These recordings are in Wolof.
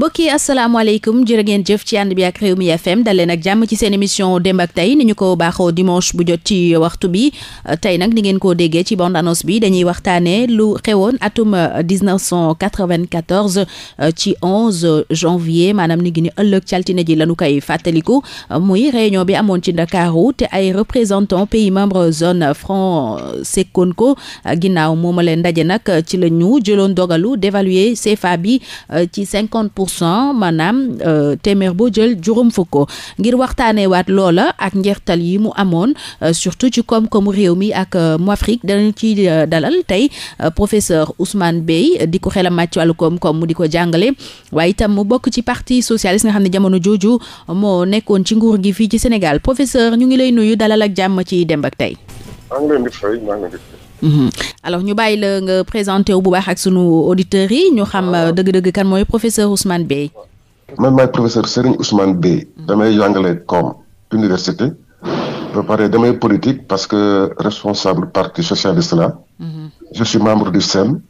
mbokk yi asalaamaaleykum jërë ngeen jëf ci ànd bi ak réew mi FM dal leen ak jàmm ci seen émission démb ak tey ni ñu ko baaxoo dimanche bu jot ci waxtu bi tey nag ni ngeen ko déggee ci bande annonce bi dañuy waxtaanee lu xewoon atum 1994 euh, euh, ci 11 janvier maanaam ni ngi ni ëllëg caltine ji lañu koy fàttaliku muy réunion bi amoon ci Ndakaaru te ay représentants pays membre zone franc sekkoon ko euh, ginnaaw moom a leen ndaje nag ci la ñu jëloon dogalu d'évaluer CFA bi ci 50 pour cent maanaam euh, téeméer boo jël juróom fukk ngir waxtaanee waat loola ak njeextal yi mu amoon euh, surtout ci koom-koomu réew mi ak euh, mu Afrique danañ ci dalal tey professeur Ousmane Beye di ko xelam màcc wàllu koom-koom mu di ko jàngale waaye itam mu bokk ci parti socialiste nga xam ne jamono jooju moo nekkoon ci nguur gi fii ci Sénégal professeur ñu ngi lay nuyu dalal ak jàmm ci dem ak tey Mm-hmm. alors ñu bàyyi la nga présenté wu bu baax ak sunu auditeurs yi ñu xam ah. dëgg-dëgg kan mooy professeur Ousmane Beye. man maay professeur Serigne Ousmane Beye. Mm-hmm. damay jàngale comme université. ba pare damay politique parce que responsable parti socialiste là. Mm-hmm. je suis membre du SEM.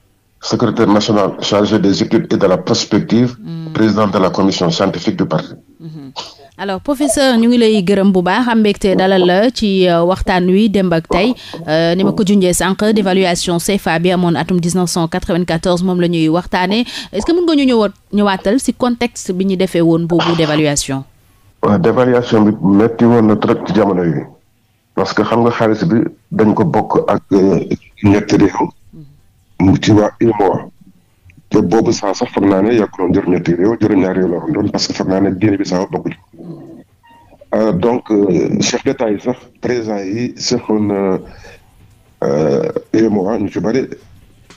secrétaire national chargé des études et de la prospective. président de la commission scientifique du parti. alors professeur ñu ngi lay gërëm bu baax am mbégte dalal la ci euh, waxtaan wi démb ak tey euh, ni ma ko junjee sànq dévaluation CFA bi amoon atum 1994 moom la ñuy waxtaanee est-ce que mën nga ñu ñëwaat ñëwaatal si contexte bi ñu defee woon boobu dévaluation. waaw dévaluation bi metti woon na trop ci jamono yi parce que xam nga xaalis bi dañ ko bokk ak euh, ñetti réew. mu ci waa UEMOA te boobu saa sax foog naa ne yàkkuloon juróom-ñetti réew juróom-ñaari réew la woon doon parce que foog naa ne Guinée Bissau bokkuñu euh, donc euh, chef d'état yi sax président yi seqoon UEMOA euh, ñu ci bëri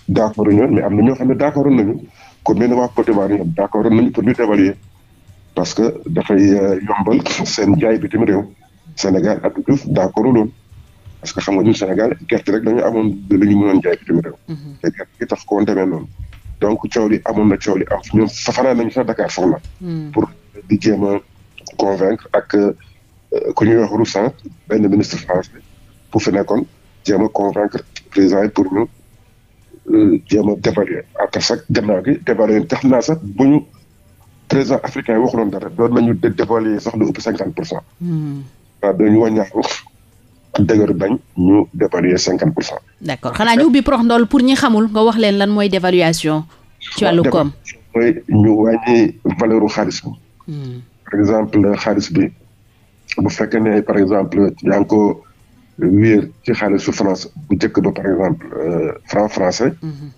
d'accord ñu mais am na ñoo xam ne d'accord nañu comme mel ni waa Côte d'Ivoire ñoom d'accord nañu pour ñu dévaluer parce que dafay yombal seen jaay bitim réew Sénégal ak Diouf d'accord loolu parce que xam nga ñun Sénégal gerte rek dañu amoon lu ñu mënoon jaay bitim réew mm-hmm. te gerte gi tax ko woon demee noonu donc coow amoon na coow li am ñoom fanaan nañu sax Dakar sax la. Hmm. pour di jéem a convaincre ak euh, ku ñuy wax Roussan benn ministre français bu fi nekkoon jéem a convaincre président yi pour ñu euh, jéem a dévaluer sax gannaaw gi dévaluer tax naa sax bu ñu président africain yi waxuloon dara doon nañu dévaluer sax lu ëpp cinquante pour cent. Hmm. waaw dañu wàññeeku. dëgër bañ ñu dévaluer cinquante pour cent. d' accord xanaa ñu ubbi prox ndool pour ñi xamul nga wax leen lan mooy dévaluation. ci wàllu koom mooy ñu wàññi valeur xaalis bi. Hmm. par fekk xaalis bi par exemple yaa ngi ko wéer ci bu njëkk ba par exemple euh, franc français. Hmm.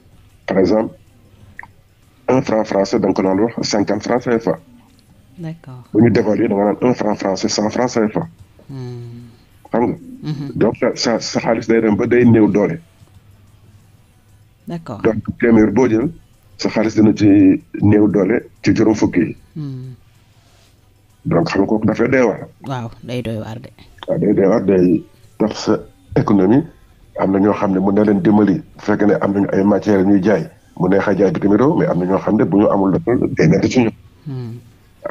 par exemple un franc français da nga ko naan wax cinquante français cent Mhm. donc sa sa xaalis day dem ba day néew doole. d'accord donc téeméer boo jël sa xaalis dina ci néew doole ci juróom fukki yi. Hmm. donc xam nga kooku dafay doy waar. waaw day doy day doy sa économie am na ñoo xam ne mun na leen dimbali bu fekkee ne am nañu ay matières ñuy jaay mu neex a jaay bitim réew mais am na ñoo xam ne bu ñu amul dafay day ci ñoom. Hmm.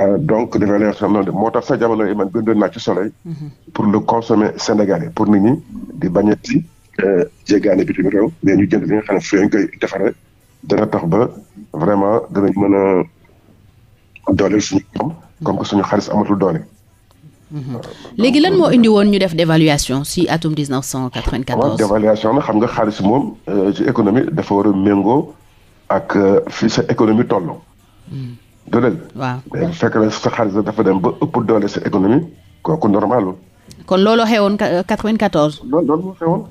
Euh, donc dafay leen xam moo tax sa jamono yi man bindoon naa ci soleil. Mhm. pour le consommer sénégalais pour nit ñi di bañ ti ci euh, jéggaane bi réew mais ñu jënd li nga xam dana tax ba vraiment danañ mën a dooleel suñu suñu xaalis amatul doole. Mhm. Euh, léegi lan moo indi woon ñu def dévaluation si atum 1994. waaw dévaluation na xam nga xaalis moom ci économie dafa war a méngoo ak fii sa économie tolloo. Mhm. du dëgg. waaw mais bu fekkee ne sa xaalis dafa dem ba ëpp doole sa économie kooku normal wul. kon looloo xewoon 94. loolu loolu moo xewoon.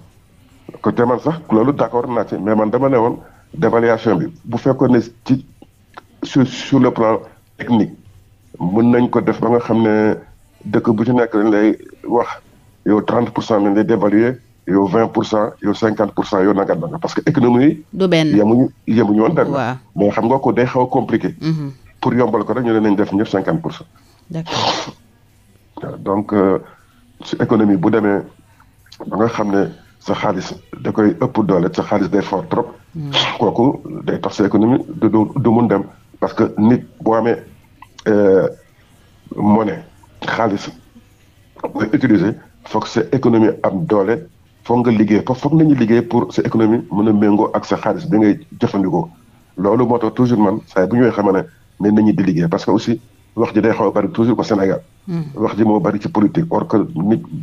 ko te man sax loolu d' accord naa ci mais man dama ne woon dévaluation bi bu fekkoon ne ci sur sur le plan technique mën nañ ko def ba nga xam ne dëkk bu ci nekk dañ lay wax yow 30 pour cent lañ lay dévaluer yow 20 pour cent yow 50 pour cent yow nangat nanga parce que économie yi. du benn yemuñu yemuñu woon benn. xam nga ko day xaw a pour yombal ko rek ñu ne def ñëpp cinquante pour cent. d'accord donc euh, ci économie bu demee ba nga xam ne sa xaalis da koy ëpp doole sa xaalis day fort trop. Hmm. kooku day tax sa économie du du mun dem parce que nit boo amee euh, monnaie xaalis nga utiliser foog sa économie am doole foog nga liggéey fa foog nañu liggéey pour sa économie mën a ak sa xaalis bi ngay jëfandikoo loolu moo tax toujours man saa bu ñuy ne. mais nañu di liggéey parce que aussi wax ji day xaw a bari toujours au Sénégal. Hmm. wax ji moo bari ci politique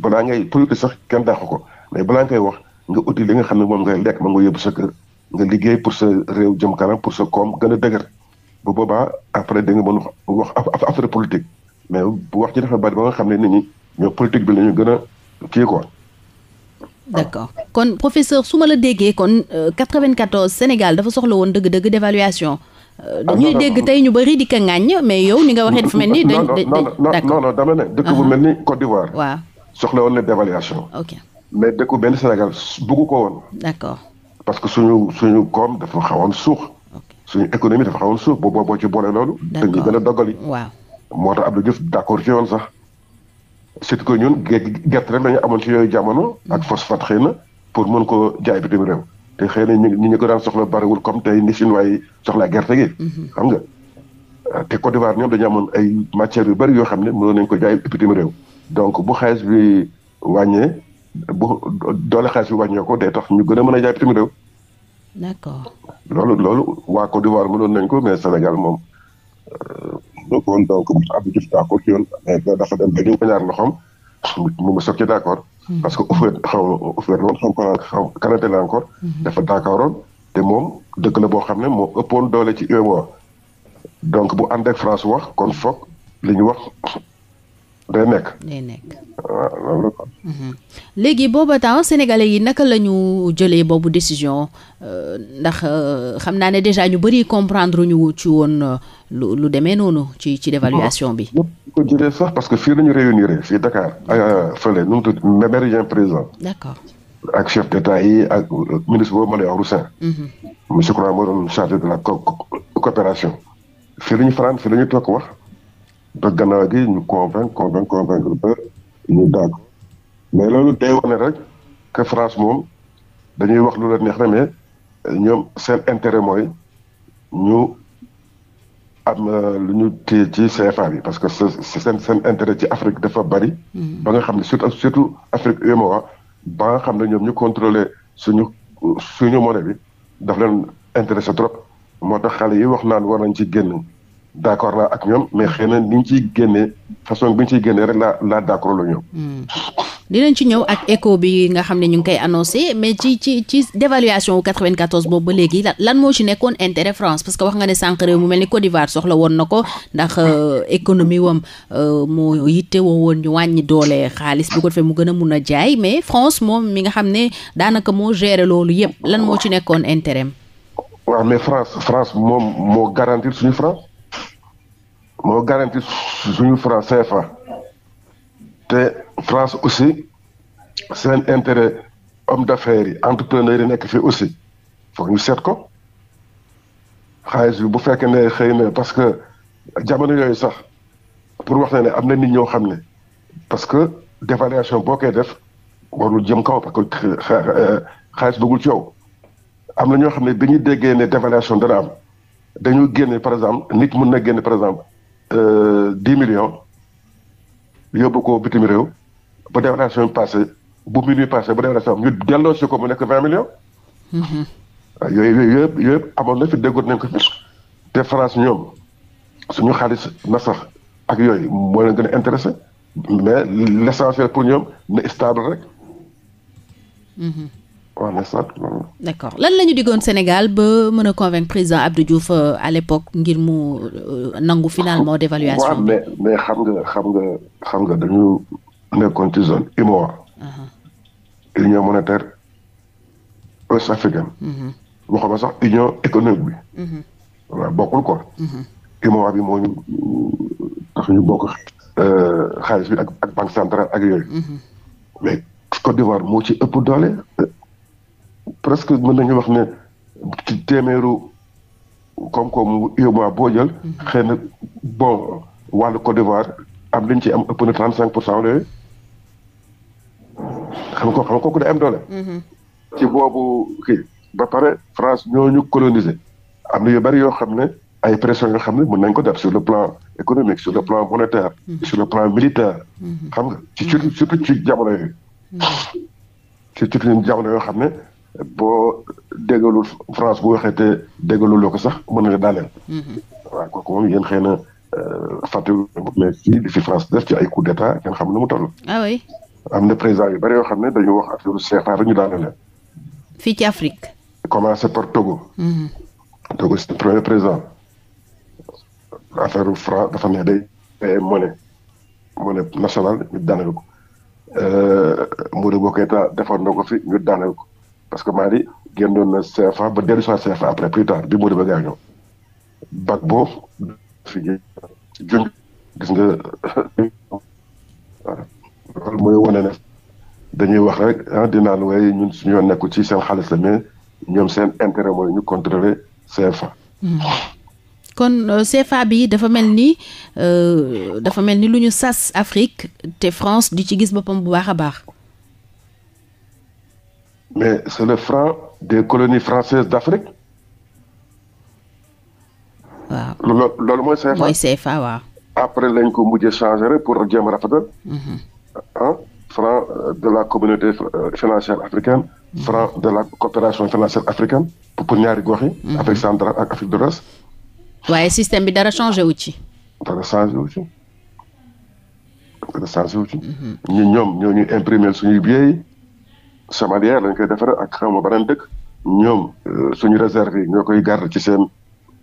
balaa ngay politique sax kenn dàqu ko mais balaa ngay wax nga uti li nga xam ne moom ngay lekk moom nga yóbbu sa kër nga liggéey pour sa réew jëm kanam pour sa koom gën a dëgër bu boobaa après da nga mën wax affaire politique mais bu wax ji dafa bari ba nga xam ne nit ñi ñoo politique bi la ñu gën a kii quoi. d'accord kon professeur su ma la déggee kon 94 euh, Sénégal dafa soxla woon dëgg-dëgg d'évaluation Euh, dañuy dégg tey ñu bari di ka ŋàññ mais yow ni nga waxee dafa mel ni. dañ non non dama ne dëkk bu uh-huh. mel ni Côte d'Ivoire. waaw soxla woon na dévaluation. ok mais dëkk bu benn ni Sénégal bëggu ko woon. d'accord parce que suñu suñu koom dafa xawoon suux. suñu économie dafa xawoon suuf boo boo ci boole loolu. d'accord dañuy a dogali. waaw moo tax Abdou Diouf d'accord ci woon sax. surtout ko ñun gerte rek la ñu amoon ci yooyu jamono. Mm-hmm. ak phosphate xëy na pour mën ko jaay bi bitim réew. te xëy na ñu ñu ko daan soxla bariwul comme tey ni chinois ay soxla gerte gi. Mhm. xam nga te Côte d'Ivoire ñoom dañu amoon ay matières yu bari yoo xam ne mënoon nañ ko jaay bitim réew. donc bu xaalis bi wàññee bu doole xaalis bi wàññee ko day tax ñu gën a mën a jaay bitim réew. loolu loolu wa Côte d'Ivoire mënoon nañ ko mais Sénégal moom. Euh, donc donc Abdou Diouf d'accord ci yoon mais ñaar loxoom mu mu soog ci d'accord. parce que offert xaw offert loon xaw ko xaw Canada la encore. Mhm. dafa daakaaroon te moom dëkk la boo xam ne moo ëppoon doole ci UEMOA. donc bu ànd ak wax kon foog li ñu wax day nekk. day nekk mhm. léegi booba temps sénégalais yi naka la ñu jëlee boobu décision euh, ndax euh, xam naa ne déjà ñu bëri comprendre ñu ci woon euh, lu lu demee noonu. ci ci dévaluation bi. ko jëlee sax parce que fii la ñu réunir fii Dakar fële nu mu tudd Méridien d'accord. ak chef d'état yi ak euh, ministre boobu ma lay wax Roussin. Mm-hmm. monsieur Croix moo doon chargé de la coopération. fii la ñu fanaan fii la ñu toog wax ba gannaaw gi ñu convaincre convaincre convaincre ba ñu daag mais loolu day wane rek que France moom dañuy wax lu la neex na mais ñoom seen intérêt mooy ñu. am euh, lu ñu téye ci CFA bi parce que seen seen intérêt ci Afrique dafa bari. Mm-hmm. ba nga xam ne surtout surtout Afrique UEMOA ba nga xam ne ñoom ñu contrôler suñu suñu monnaie bi daf leen intéressé trop moo tax xale yi wax naan war nañ ci génn. d' accord la ak ñoom mais xëy na ni ñu ciy génnee façon bi ñu ciy génnee rek laa laa d' accord la ñoom. Hmm. dinañ ci ñëw ak écho bi nga xam ne ñu ngi koy annoncé mais ci ci ci dévaluation wu 94 boobu ba léegi lan moo ci nekkoon intérêt France parce que wax nga ne sànq mu mel ni Côte d'Ivoire soxla woon na ko ndax euh, économie wam euh, moo yitte woo woon ñu wàññi doole xaalis bu ko defee mu gën a mun a jaay mais France moom mi nga xam ne daanaka moo géré loolu yëpp lan moo ci nekkoon intérêt am. waaw France moom moo garantir suñu France. moo garanti suñu franc CFA te France aussi seen intérêt homme d'affaires yi entrepreneur yi nekk fii aussi foog ñu seet ko xaalis bi bu fekkee ne xëy na parce que jamono yooyu sax pour wax na ne am na nit ñoo xam ne parce que dévaluation boo koy def warul jëm kaw parce que xaalis bëggul coow am na ñoo xam ne bi ñu déggee ne dévaluation dana am dañu génne par exemple nit mun na génne par exemple Euh, dix millions yóbbu ko bitim réew ba dévaluation bi passé bu minuit passé ba dévaluation ñu delloo si ko mu nekk vingt millions. waaw mhm. ah, yooyu yooyu yëpp amoon na fi déggoon nañ ko fi te France ñoom suñu xaalis na sax ak yooyu moo leen gën intéressé mais l' essentiel pour ñoom na stable rek. Mhm. wala soit loolu. d'accord lan la ñu diggoon Sénégal ba mën a convaincre président Abdou Diouf euh, à l'époque ngir mu euh, nangu finalement d'évaluation. waaw mais mais xam nga xam nga xam nga dañu nekkoon ci zone UEMOA. Uh-huh. Union monétaire uh-huh. sax union économique bi. Uh-huh. bokkul ko. UEMOA bi moo ñu tax ñu bokk euh, xaalis bi ak banque centrale ak yooyu. mais Côte d'Ivoire moo ci ëpp doole. presque mën nañu wax ne ci téeméeru kom koomu UEMOA boo jël. Mhm. xëy na bon wàllu Côte d'Ivoire am nañ ci am ëpp na cinq pour cent yooyu xam nga xam nga kooku day am doole. Mhm. ci boobu kii ba pare France ñooñu coloniser am na yu bari yoo xam ne ay pression yoo xam ne mën nañ ko def sur le plan économique sur le plan monétaire. Mhm. sur le plan militaire. xam nga ci surtout ci jamono yooyu. ci surtout jamono yoo xam ne. boo déggalul France bu waxee te déggalul ko sax mën nga daaneel. Mhm. waaw kooku moom yéen xëy na euh, fàttewul mais fii di France def ci ay coup d'état kenn xam mu toll. Ah am na président yu bëri yoo xam ne dañu wax affaire CFA rek ñu daaneel leen. fii ci Afrique. commencé par Togo. Mhm. Togo c'est le premier président. affaire franc dafa ne day day monnaie monnaie ñu daaneel ko euh, Modibo Keïta defoon na ko fi ñu daaneel ko. parce que Mali génnoon na CFA ba dellu soit CFA après plus tard bi Modibo gaañoo bac boobu fi jun gis nga mooy wane ne dañuy wax rek ah dinaa la waaye ñun suñu yoon nekku ci seen xaalis la mais ñoom seen intérêt ñu contrôler CFA. Hmm. kon euh, CFA bi dafa mel ni euh, dafa mel ni lu ñu sas Afrique te France di ci gis boppam bu baax a baax. mais c'est le franc des colonies françaises d'Afrique. waaw loolu loolu mooy CFA mooy CFA waaw. après lañ ko mujjee changé rek pour jéem a rafetal. Mhm. Ah, franc de la communauté euh, financière africaine. Mhm. franc de la coopération financière africaine pour ñaari gox yi. Mhm. Afrique centrale ak Afrique de l'Ouest. système bi dara changé wu ci. dara changé wu ci. dara changé ñoom ñoo ñu imprimer suñu billets yi. chamalière lañ koy defare ak xaw ma beneen dëkk ñoom euh, suñu réserve yi ñoo koy garde ci seen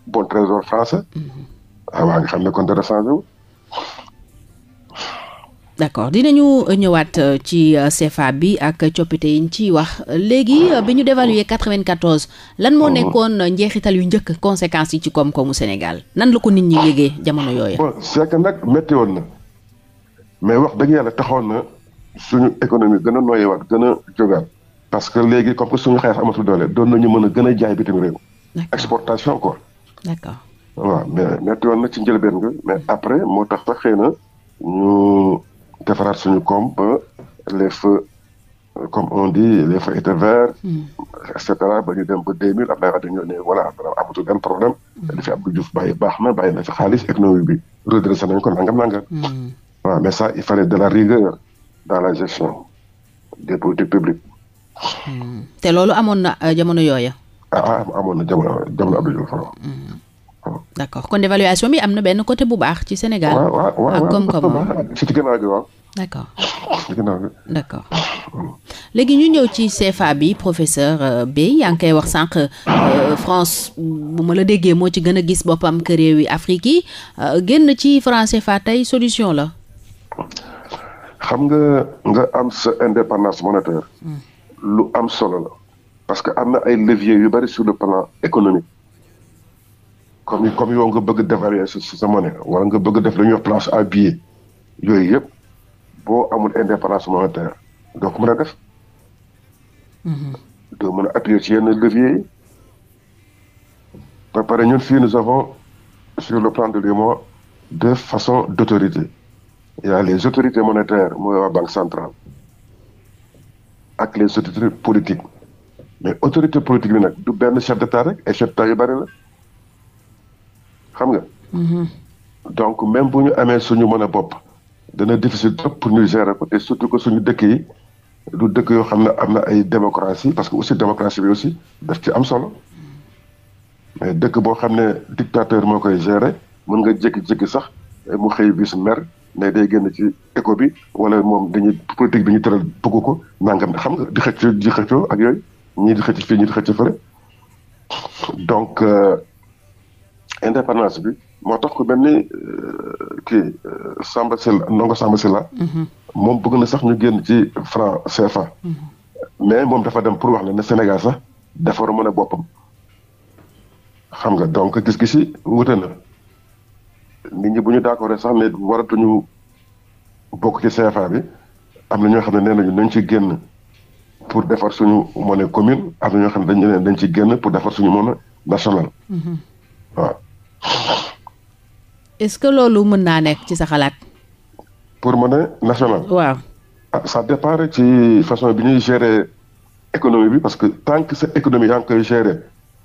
bon trésor français mm-hmm. ah, waa nga xam ne kon dara changé d' accord dinañu ñëwaat euh, ci euh, CFA bi ak coppite yiñ ci wax léegi bi ñu dévaluer 94 lan moo mm-hmm. nekkoon njeexital yu njëkk conséquence yi ci koom-koomu Sénégal nan la ko nit ñi yégee jamono yooyu. bon nag métti na mais wax dëgg yàlla taxoon na suñu économie gën a noyewaat gën a jógaat parce que léegi comme que suñu xaalis amatul doole doon nañu mën a gën a jaay bitim réew. exportation quoi. d'accord waaw mais metti na ci njëlbeen nga mais mm-hmm. après moo tax sax xëy na ñu defaraat suñu koom ba les feux comme on dit les feux étaient verts. Mm-hmm. et cetera ba ñu dem ba deux mille Abdoulaye Wade ñoo ne voilà amatul benn problème. Mm-hmm. li fi baax ma bay na fi xaalis économie bi redressé nañ ko nangam nangam. waaw mais ça il fallait de la rigueur. dans la gestion des politiques hmm. te loolu amoon na euh, jamono yooya. Ah, ah amoon na jamono jamono Abdou Diouf hmm. d' accord kon évaluation bi am na benn côté bu baax ci Sénégal. waaw waaw koom-koom si ah, ci gannaaw gi waaw. d' accord accord hmm. léegi ñu ñëw ci CFA bi professeur euh, Beye yaa ngi koy wax sànq euh, France bu ma la déggee moo ci gën a gis boppam que réew yi Afrique yi génn ci franc CFA tey solution la. xam nga nga am sa indépendance monétaire hmm. lu am solo la parce que am na ay leviers yu bari sur le plan économique comme comme yow nga bëgg dévaluer sa sa monnaie wala nga bëgg def la ñuy wax place yooyu yëpp boo amul indépendance monétaire donc ko mën a def hmm. doo mën a appuyer ci yenn leviers yi ba pare ñun fii nous avons sur le plan de l'UEMOA deux façons d'autorité il y a les autorités monétaires mooy waa banque centrale ak les autorités politiques mais autorité politique bi nag du benn chef d'état rek ay chef d'état yu bari la xam nga. Mm-hmm. donc même bu ñu amee suñu mën a bopp dana difficile trop pour ñu gérer ko te surtout que suñu dëkk yi du dëkk yoo xam ne am na ay démocratie parce que aussi démocratie bi aussi def ci am solo mais dëkk boo xam ne dictateur moo koy gérer mën nga jékki-jékki sax mu xëy bis mer. ne day génn ci éco bi wala moom dañuy politique bi ñu tëral bëgg ko nangam xam nga di xëcc di xëccoo ak yooyu ñii di xëcc fii ñii di xëcc fële donc euh, indépendance bi moo tax ko mel ni euh, kii euh, Samba Sylla ndongo Samba Sylla mhm. moom bëgg na sax ñu génn ci franc CFA. Mhm. mais moom dafa dem pour wax ne ne Sénégal sax dafa war a boppam xam nga donc gis-gis yi wute na. nit ñi bu ñu d'accord sax ne waratuñu bokk ci CFA bi am na ñoo xam ne nee nañu nañ ci génn pour defar suñu monnaie commune am na ñoo xam ne dañ ne dañ ci génn pour defar suñu monnaie nationale. Mhm. waaw. ce que loolu mën naa nekk ci sa xalaat. pour monnaie nationale. waaw. ah ça dépend rek ci façon bi ñuy gérer économie bi parce que tant que sa économie yaa ngi koy gérer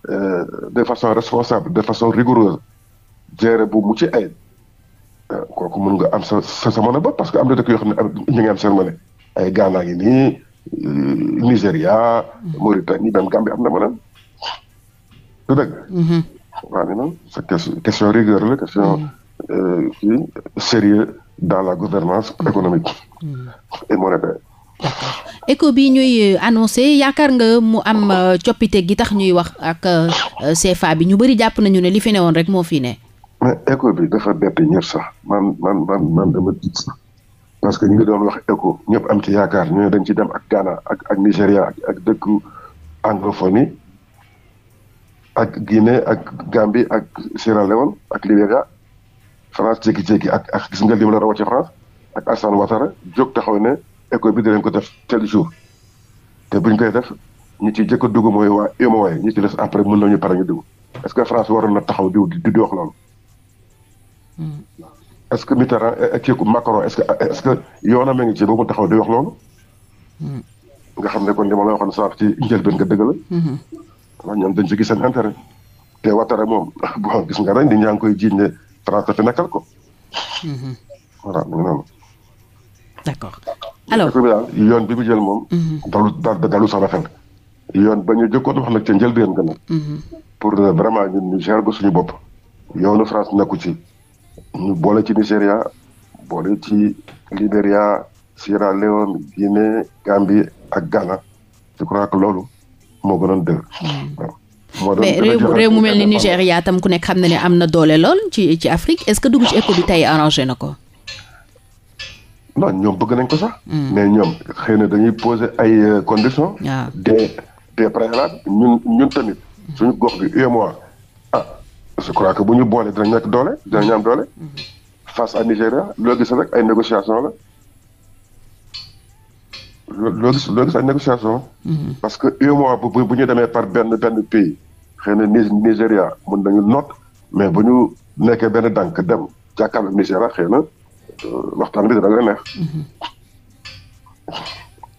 euh, de façon responsable de façon rigoureuse. gérer bu mu ci ay euh, kooku mën nga am sa sa sa mën parce que am na dëkk yoo xam ne ñu ngi am ay Ghana ngi nii euh, Nigéria. Mauritanie même Gambie am na mën a. du dëgg. Mhm. waaw ni noonu sa question mhm. euh, mhm. bi ñuy annoncé yaakaar nga mu am coppite gi tax ñuy wax ak CFA bi ñu bëri jàpp nañu ne li fi ne woon rek moo fi ne. mais écho bi dafa bett ñëpp sax man man man man dama parce que ñu ngi doon wax écho ñëpp am ci yakaar ñu ne dañ ci dem ak Ghana ak ak Nigéria ak dëkku anglophonie ak Guinée ak Gambie ak Sierra Leone ak Libéria France jékki-jékki ak ak gis nga li mu la rawat ci France ak Alassane Ouattara jóg taxaw ne éco bi dinañ ko def tel jour te buñ koy def ñi ci jëkk a dugg mooy waa UEMOA ñi ci des après mën nañu pare ñu dugg est-ce que France waroon na taxaw di du wax loolu. est-ce que Mitterrand euh, euh, kii ku Macron est-ce que euh, est-ce que yoonam a ngi ci boobu taxaw wax loolu. nga xam ne kon li ma la ci njëlbeen nga dëgg la. ndax da dañ ci gis seen intérêt. te Ouattara moom bon gis nga ren di ñaa ngi ne France fi nekkal ko. voilà mu ngi noonu. d'accord alors bi daal yoon bi mu jël moom. Mhm. dalu daal dalu yoon ba ñu jëkkoon wax nag ca njëlbeen nga nag. Mhm. pour vraiment ñun ñu gérer ko suñu bopp. yoonu France nekku ci. ñu boole ci Nigéria boole ci Libéria Sierra Leone Guinée Gambie ak Ghana je crois que loolu moo gënoon dëgg hmm. waaw mais réew mu mel ni Nigéria tam ku nekk xam na ne am na doole lool ci ci Afrique est-ce que dugg ci ECO bi tey arrangé na ko. non ñoom bëgg nañ ko sax. Hmm. mais ñoom xëy na dañuy poser ay euh, conditions. Ah. des des préalables ñun ñun tamit hmm. suñu gox bi UEMOA. je crois que bu ñu boolee dinañ nekk doole dinañ am doole. Mhm. face à Nigéria loo gis rek ay négociation la. loo gis loo gis ay négociation. Mhm. parce que UEMOA bu bu ñu demee par benn benn pays xëy na Nigéria mën nañu noot mais bu ñu nekkee benn dànk dem jàkkaarloo Nigéria xëy na euh, waxtaan bi dina gën a neex. Mhm.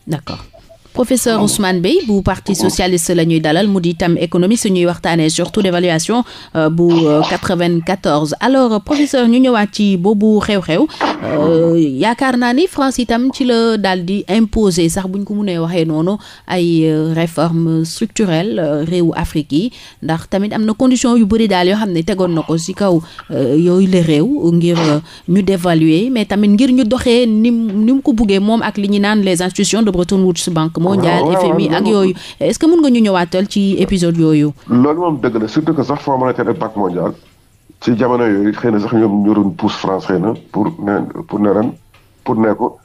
d'accord. professeur Ousmane Beye bu parti socialiste la ñuy dalal mu di itam économie suñuy waxtaanee surtout l'évaluation euh, bu 94 euh, alors professeur ñu ñëwaat ci boobu xew-xew Euh, yaakaar naa ni France itam ci la daal di imposer sax buñ ko munee waxee noonu ay euh, réformes structurelles euh, réew Afrique yi ndax tamit am na condition yu bari daal yoo xam ne tegoon na ko ci kaw yooyu la réew ngir ñu dévaluer mais tamit ngir ñu doxee ni ni mu ko buggee moom ak li ñu naan les institutions de Bretton Woods Banque mondiale FMI ak yooyu est-ce que nga ñu ñëwaatal ci épisode yooyu loolu moom dëgg la surtout que sax Fonds monétaire et Banque ci jamono yooyu xëy na sax ñoom ñoroon pousse France xëy na pour ne pour ne ren pour ne ko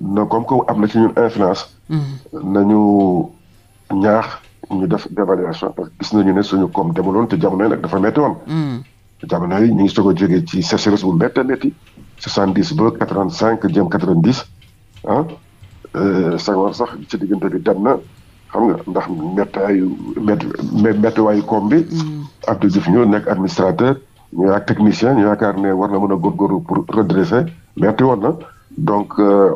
na comme que am na ci ñun influence. Mm-hmm. nañu ñaax ñu def dévaluation parce que gis nañu ne suñu koom demuloon te jamono yi nag dafa metti woon. Mm-hmm. jamono yi ñu ngi soog a jógee ci sécheresse bu méttee métti soixante dix ba quatre vingt cinq jëm quatre vingt dix ah, euh, sax ci diggante bi dem na xam nga ndax méttaayu métti méttiwaayu koom bi. Mm-hmm. Abdou Diouf ñëw nekk administrateur. ñu ak technicien ñu yaakaar ne war na mën a góorgóorlu pour redresser metti woon na donc euh,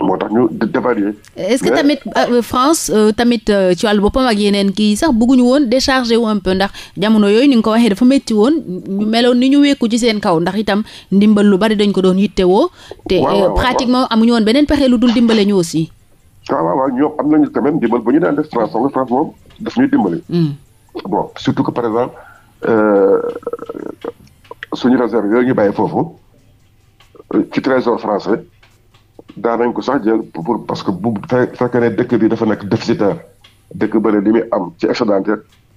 moo tax ñu dévaluer. est-ce que tamit euh, France euh, tamit ci wàll boppa ak yeneen kii sax bëgguñu woon décharger wu un ndax jamono yooyu ni nga ko waxee dafa metti woon ñu meloon ni ñu wékku ci seen kaw ndax itam ndimbal lu bari dañ ko doon yittewoo. te pratiquement amuñu woon beneen pexe lu dul dimbale ñu aussi. Ah, waaw ñoom am nañu quand même dimbal bu ñu daan def France France moom daf ñuy Euh, suñu réserve yooyu ñu bàyyi foofu ci trésor français daanañ ko sax jël pour parce que bu fekkee ne dëkk bi dafa nekk déficitaire dëkk bële li muy am ci excédentaire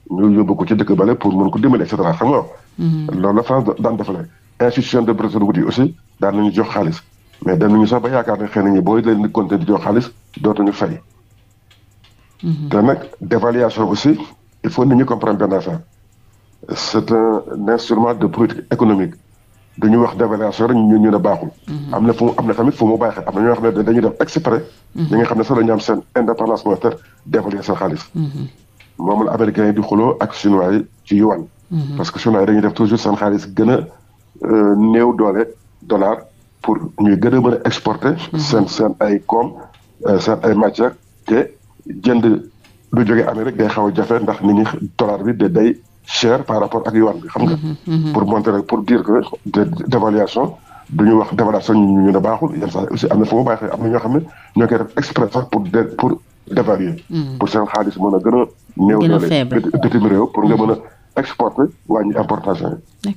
ñu yóbbu ko ci dëkk bële pour mun ko dimbale et cetera xam nga. Mm-hmm. loolu la France daan defale institution de Bretton Woods yi aussi daan ñu jox xaalis mais danañu sax ba yaakaar ne xëy na ñu booy leen di compter di jox xaalis dootuñu fay. Mm-hmm. te nag dévaluation aussi il faut nu ñu comprendre benn affaire. c'est un instrument de politique économique duñu wax dévaluation rek ñu ñu ne baaxul. Mhm. am na fu am na tamit fu mu baaxee am na ñoo xam ne dañuy def exprès. Mhm. ñi nga xam ne sax dañu am seen indépendance monétaire dévaluer xaalis. Mhm. moom la américains yi di xuloo ak chinois ci yuan. parce que chinois yi dañuy def toujours seen xaalis gën a euh, néew doole dollar pour ñuy gën a mën a exporter. seen seen ay koom euh, seen ay matières te jënd lu jógee Amérique day xaw a jafe ndax nit ñi dollar bi cher par rapport ak yuan bi xam nga. Mm-hmm, mm-hmm. pour montrer pour dire que dévaluation du ñu wax dévaluation ñu ñu ne baaxul yenn saa am na foo baaxee am na ñoo xam ne ñoo koy def exprès sax pour de pour dévaluer. Mm-hmm. pour seen xaalis mën a gën a. néew doole bitim réew pour nga mën a exporter wàññi importation yi.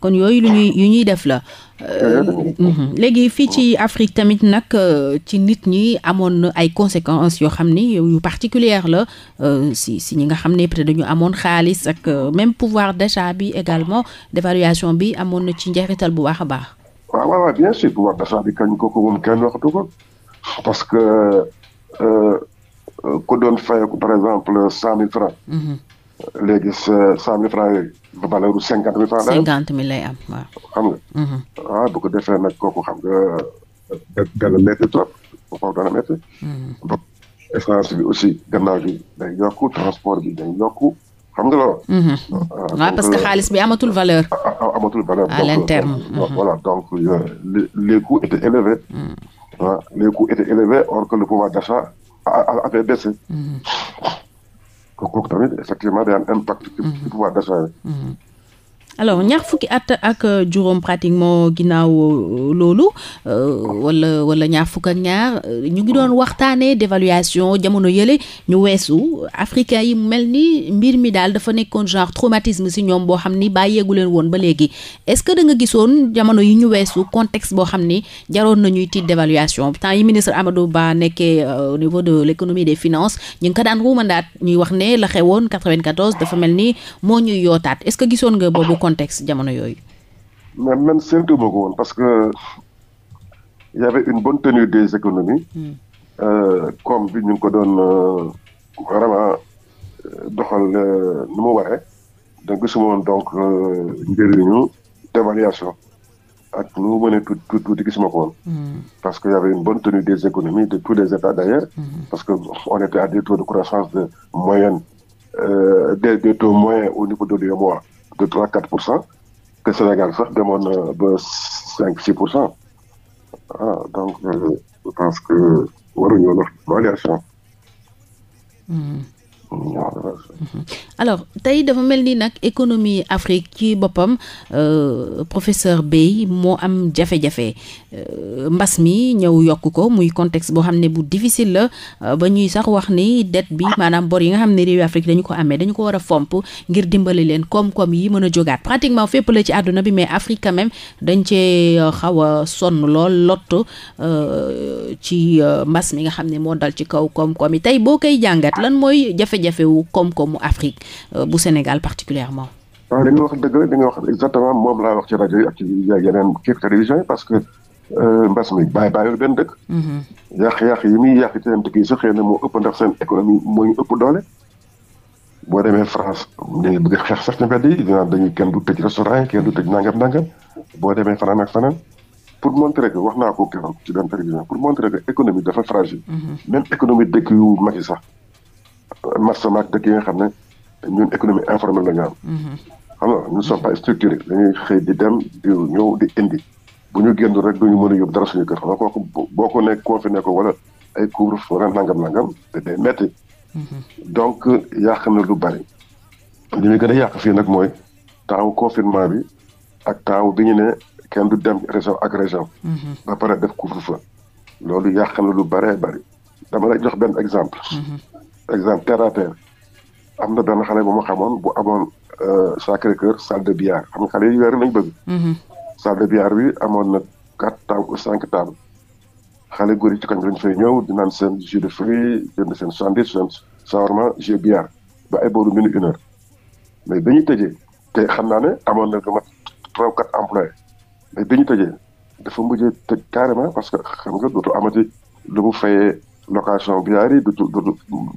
kon yooyu lu ñuy def la. Euh, mhm. léegi fii ci Afrique tamit nag euh, ci nit ñi amoon ay conséquences yoo xam ni yu particulière la euh, si si ñi nga xam ne peut être dañu amoon xaalis ak même pouvoir d'achat bi également dévariation bi amoon na ci njarital bu baax a baax. waaw waaw bien sûr pouvoir d'achat bi kañ ko ko moom kenn waxtu ko parce que ku doon fayeku par exemple cent mille francs. Mhm. léegi sa cent mille franc yooyu valeur cinquante mille franc. cinquante mille lay am waaw. xam mhm. ah, defee nag kooku xam nga dana métti trop foofu dana métti. Mhm. essence bi aussi gannaaw bi day yokku transport bi day yokku xam nga loolu. Mhm. Ah, parce que euh, xaalis bi amatul valeur. amatul valeur à donc euh, euh, les coûts étaient élevés. Ah, les coûts étaient or que le pouvoir d'achat avait baissé. kooku tamit effectivement day am impact. ci mhm. pouvoir d'achat alors ñaar fukki at ak juróom pratiquement ginnaaw euh, loolu euh, wala wala ñaar fukk ak ñaar euh, ñu ngi doon waxtaanee dévaluation jamono yële ñu weesu africain yi mel ni mbir mi daal dafa nekkoon genre traumatisme si ñoom boo xam ni bàyyeegu leen woon ba léegi est-ce que da nga gisoon jamono yi ñu weesu contexte boo xam ni jaroon nañuy tiit dévaluation temps yi ministre amado Ba nekkee au niveau de l'économie des finance ñu ngi ko daan ruumandaat ñuy wax ne la xewoon 94 dafa mel ni moo ñuy yootaat est-ce que gisoon nga boobu contexte jamono yooyu. mais man séntu ma ko woon parce que y avait une bonne tenue des économies. Hmm. Euh, comme bi ñu ko doon euh, vraiment euh, doxal nu mu waxee. donc gisuma woon donc njëriñu dévaluation ak nu mu mënee tuuti tuuti gisuma ko woon. Hmm. parce que y avait une bonne tenue des économies de tous les états d'ailleurs. Hmm. parce que on était à des taux de croissance de moyenne des des taux moyens au niveau de l'UEMOA. de 3 4 pour cent que Sénégal sax demoon na ba 5 6 pour cent ah donc euh, je pense que waruñu woon wax variation. Hmm. alors tey dafa mel nii nag économie Afrique ci boppam euh, professeur Beye moo am jafe-jafe euh, mbas mi ñëw yokk ko muy contexte boo xam ne bu difficile la euh, ba ñuy sax wax ni dette bi maanaam bor yi nga xam ne réewi Afrique dañu ko amee dañu ko war a fomp ngir dimbali leen koom-koom yi mën a jogaat pratiquement fépp la ci àdduna bi mais Afrique quand même dañ cee euh, xaw a sonn lool lott euh, ci mbas mi nga xam ne moo dal ci kaw koom-koom yi tey boo koy jàngat lan mooy jafe-jafe wu koom-koomu Afrique euh, bu Sénégal particulièrement waaw li nga wax dëgg la li nga wax exactement moom laa wax ci rajo yi ak ci yeneen kii télévision yi parce que euh, mbas mi bàyyi bàyyiwul benn dëkk yàq-yàq mm-hmm. yi muy yàq ci seen dëkk yi sax xëy boo demee France ñu ngi bëgg xeex sax ci mbedd yi dinaan dañuy kenn boo demee fanaan ak fanaan pour montrer que wax naa ko keroog ci benn télévision pour montrer que économie dafa fragile mm-hmm. même économie dëkk yu mag sax marsamaak dëkk yi nga xam ne ñun économie informelle la ñu am. Mhm. xam nga nous ne sommes pas structurés dañuy xëy di dem di ñëw di indi bu ñu génn rek duñu mën a yóbbu dara suñu kër xam nga ko nekk confiné ko wala ay couvre-feu wala nangam-nangam te day metti mhm. donc yàq na lu bari. li muy gën a yàq fii nag mooy taawu confinement bi ak taawu bi ne kenn du dem région ak région. Mhm. ba pare def couvre-feu loolu yàq na lu baree bari dama lay jox benn exemple. exemple terre am na benn xale bu ma xamoon bu amoon euh, Sacré Cœur salle de billard xam nga xale yi weer nañ bëgg. Mm-hmm. salle de billard bi amoon na quatre tables ou cinq tables xale góor yi ci kañ lañ fay ñëw di naan seen jus de fruits jënd seen sandwich seen jeu billard ba ay booru minuit mais bi ñu tëjee te xam naa ne amoon na lu mat trois ou quatre employés mais bi ñu tëjee dafa mujjee tëj parce que xam nga dootu amati lu mu location bi ñaari du du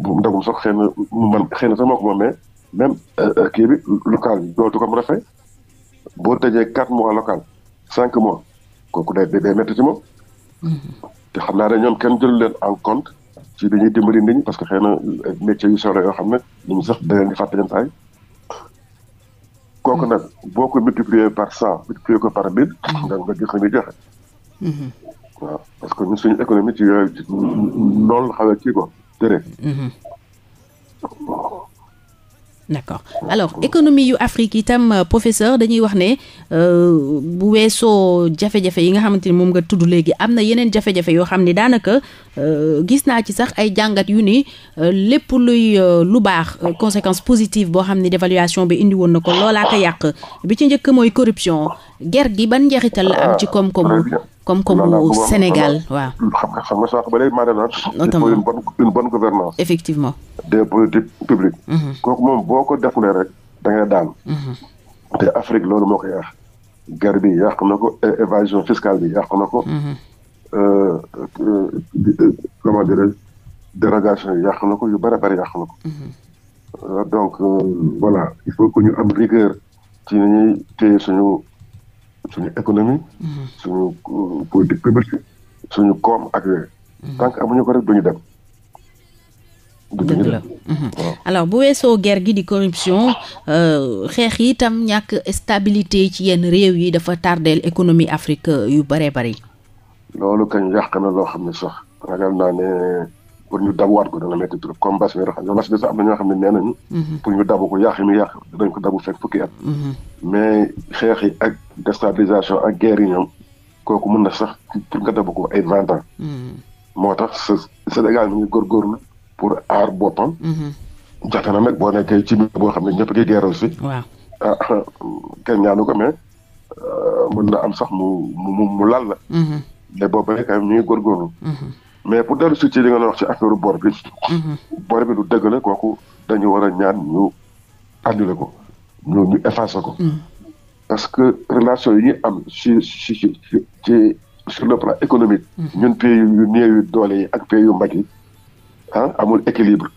du ndagum sax xëy na man xëy na sax moo ko moom mais même euh, kii bi local bi dootu ko mu rafet boo tëjee quatre mois local cinq mois kooku day day métti ci moom. Mm-hmm. te xam naa ne ñoom kenn jëlu leen en compte ci dañuy dimbali nit ñi parce que xëy na euh, métier yu solo yoo xam ne ñu sax da leen di fàtte leen saay kooku mm-hmm. nag boo ko multiplier par cent multiplier ko par mille. Mm-hmm. nga nga gis nga joxe. waaw parce économie euh, mhm. accord alors économie yu Afrique yi itam euh, professeur dañuy wax ne euh, bu weesoo jafe-jafe yi nga xamante ni moom nga tudd léegi am na yeneen jafe-jafe yoo xam ne daanaka gis naa ci sax ay jàngat yu ni lépp luy lu baax conséquence positive boo xam ne dévaluation bi indi woon na ko loolaa ko yàq bi ci njëkk mooy corruption ger gi ban njeexital la am ci koom-koomu koom-koomu Sénégal waaw. xam nga xam nga sànq ba léegi maa dem il faut une bonne une bonne gouvernance effectivement des politiques publiques. Mm-hmm. kooku moom boo ko defulee rek da ngay daan. Mm-hmm. te Afrique loolu moo ko yàq. guerre bi yàq na ko évasion fiscale bi yàq na ko. Mm-hmm. Euh, euh, comment dirais dérogation yi yàq na ko yu bëri bëri yàq na ko. Euh, donc voilà il faut que ñu am rigueur ci ni ñuy téye suñu. suñu économie. Mhm. suñu euh, politique ak yooyu. Mhm. tant amuñu ko rek duñu dem. Mhm. alors bu weesoo guerre gi di corruption euh, xeex yi itam ñàkk stabilité ci yenn réew yi dafa tardeel économie Afrique euh, yu bëree bëri. loolu kañ yàq na loo xam ne sax ragal naa ne. pour ñu dabuwaat ko dana métti trop comme mbas mi mbas bi sax am na ñoo mhm. pour ñu dabu ko yàq yi muy yàq dañ ko dabu fekk fukki at. Mhm. mais xeex yi ak déstabilisation ak guerre yi ñoom kooku mën na sax pour nga dabu ko ay vingt ans. Mhm. moo tax Sénégal mi ngi góorgóorlu pour aar boppam. jafe na nag boo nekkee ci biir boo xam ne ñëpp a ngi geeral si. waaw ah, ah kenn ñaanu ko mais euh, mën na am sax mu mu mu la. mais boobu rek ñu ngi góorgóorlu. mais pour dellu si ci li nga doon wax ci affaire bor bi. Mhm. bor bi lu dëgg la kooku dañu war a ñaan ñu annulé ko ñu ñu effacé ko. Mhm. parce que relation yi ñu am ci ci ci sur le plan économique. Mhm. ñun pays yu néew yu doole yi ak pays yu mag yi ah amul équilibre.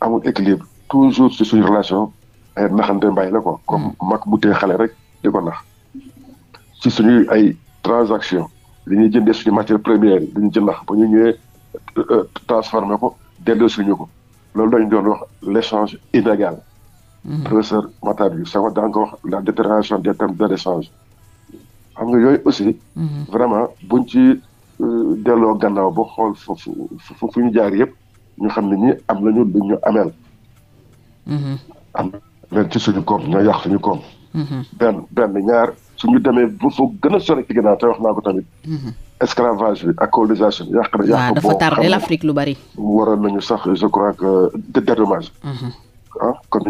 amul équilibre toujours ci suñu relation ay naxante mbay la ko comme mag bu tee xale rek di ko nax ci suñuy ay transaction li ñuy jëndee suñu matière première yi dañu jëndax ba ñu ñëwee euh, euh, transformé ko delloo suñu ko loolu dañu doon wax l'échange inégal. Mhm. professeur Matar Diouf sama daa nga wax la détérioration des termes de l'échange xam nga yooyu aussi. Mhm. vraiment buñ ci euh, delloo gannaaw ba xool foofu fu ñu jaar yëpp ñu xam ne ñii am nañu lu ñu ameel. Mhm. am ci suñu koom ñoo yàq suñu koom. benn benn ñaar suñu demee bu fa gën a sori ci ginnaaw te wax naa ko tamit. esclavage bi ak colonisation na. yàq boo xam dafa tardé l'Afrique lu bari. waroon nañu sax je crois que dédommage. Mhm. ah kon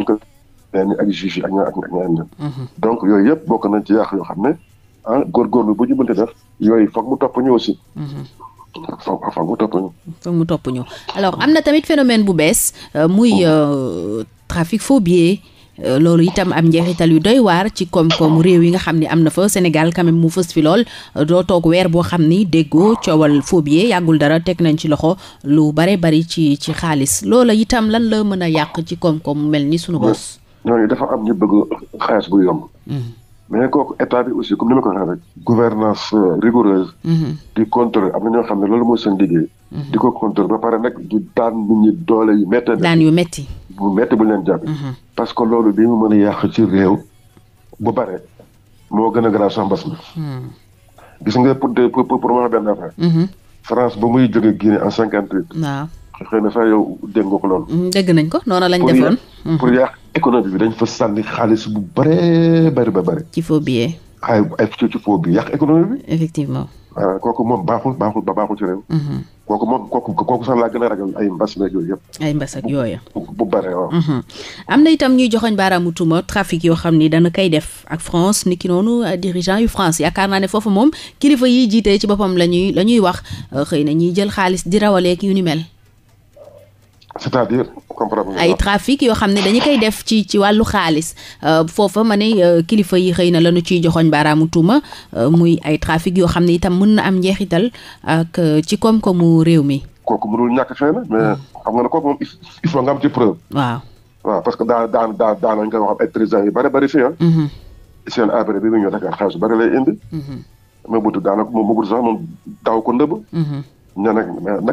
dañu mhm. donc yooyu yëpp bokk nañ ci yàq yoo xam ne ah góorgóorlu bu ñu mënti def yooyu foog mu topp ñu aussi. Mhm. foog foog mu topp ñu. alors am na tamit phénomène bu bees. Euh, muy oh. euh, trafic faux billets. Euh, loolu itam am njeexital yu doy waar ci koom-koomu réew yi nga xam ne am na fa Sénégal quand mu fës fi lool euh, doo toog weer boo xam ni déggoo coowal phobie yàggul dara teg nañ ci loxo lu bare bari ci ci xaalis loola itam lan la mën a yàq ci koom-koom mu mel ni sunu bos. ñooñu dafa am ñu bëgg xaalis bu yomb. Mm. mais kooku état bi aussi comme ni ma ko waxee rek gouvernance euh, rigoureuse mhm. di contrôle am na ñoo xam ne loolu mooy seen liggéey mhm. di ko contrôle ba pare nag du daan yu métti bu métti bu leen jàpp mhm. parce que loolu bi mu mën a yàq ci réew bu bare moo gën a garaaw sax mbas mi gis nga pour de pour pour ma benn affaire France ba muy jóge Guinée en cinquante huit waaw xëy na sax yow dégg ko loolu dégg nañ ko noonu lañ defoon économie bi dañ fa sànni xaalis bu bëree bëri ba bëri. ci faux billet. ay ay ci faux billet yàq bi. effectivement. Euh, kooku moom baaxul baaxul ba baaxul ci réew. Mm-hmm. kooku moom a ragal ay mbas yëpp. ay mbas ak yooya. bu mm-hmm. am na itam ñuy joxoñ baaraamu tuuma trafic yoo xam ni dana koy def ak France ni ki noonu euh, dirigeant yu France yaakaar naa ne foofu moom kilifa yiy jiitee ci boppam la ñuy la ñuy wax euh, xëy na ñuy jël xaalis di rawaleeg yu ni mel. c'est-à-dire comprendre ay trafic yoo xam ne dañu koy def ci ci wàllu xaalis euh, foofa ma ne euh, kilifa yi na lañu ciy joxoñ baaraamu tuuma euh, muy ay trafic yoo xam ne itam mën na am njeexital ak ci koom-koomu réew mi. kooku mënul ñàkk xëy na mais xam nga ne kooku moom il faut nga am ci preuve. waaw waaw parce que daa daan daa daanañ koy wax ay président yu bëri bëri fii ah. Mm-hmm. seen abri bi mm-hmm. mu ñëw mm-hmm.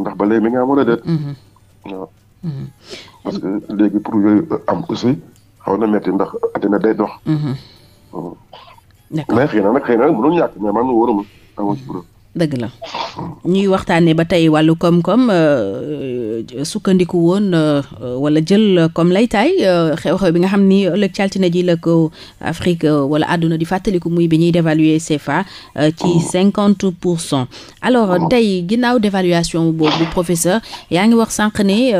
ndax ba léegi mi nga am wala déet. waaw. Mhm. parce que léegi pour yooyu euh, am aussi xaw na metti ndax àddina day dox. Mhm. d'accord mais xëy na nag xëy na nag mënul ñàkk mais man wóoruma amoo ñuy waxtaanee ba tey wàllu koom-koom euh, sukkandiku woon euh, wala jël comme laytaay euh, xew-xew bi nga xam ni ëllëg calcina ji la ko Afrique wala àdduna di fàttaliku muy bi ñuy dévaluer CFA ci oh. cinquante pour cent alors oh. tey ginnaaw dévaluation boobu professeur yaa ngi wax sànq ne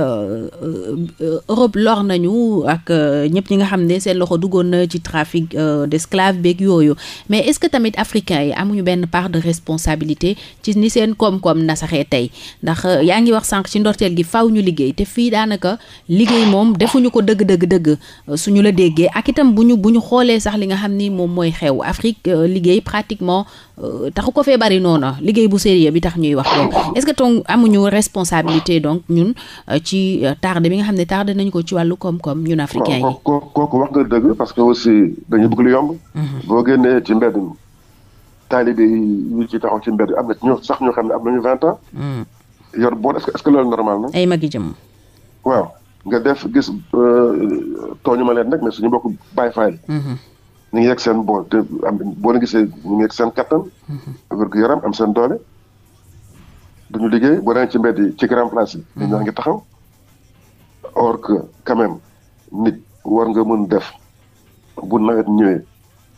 Europe lor nañu ak ñëpp ñi nga xam ne seen loxo duggoon na ci trafic d'esclaves beeg yooyu mais est-ce que tamit africains yi amuñu benn part de responsabilité ci ni seen seen koom-koom nasaxee tey ndax euh, yaa ngi wax sànq ci ndorteel gi faw ñu liggéey te fii daanaka liggéey moom defuñu ko dëgg dëgg dëgg euh, ñu la déggee ak itam bu ñu bu ñu xoolee sax li nga xam ni moom mooy xew Afrique euh, liggéey pratiquement taxu ko fee bari noonu liggéey bu sérieux bi tax ñuy wax donc est-ce que ton amuñu responsabilité donc ñun ci tardé bi nga xam ne tardé nañu ko ci wàllu koom-koom ñun africain yi. kooku wax nga dëgg parce que aussi dañu bëgg lu yomb. Mhm. taalibe yi ñu ci taxaw ci mbedd am na sax ñoo xam ne am nañu vingt ans. Hmm. yor bon est-ce que est que loolu normal na. ay magi jëm. waaw nga def gis euh, tooñu ma leen nag mais suñu bokk bàyyi faay. Hmm. ñu ngi yegg seen bool te boo leen gisee ñu ngi seen kattan. Hmm. wér gu yaram am seen doole. duñu liggéey boo demee ci mbedd yi ci grand place yi. ñu ngi taxaw. or que quand nit war nga mën def bu nawet ñëwee.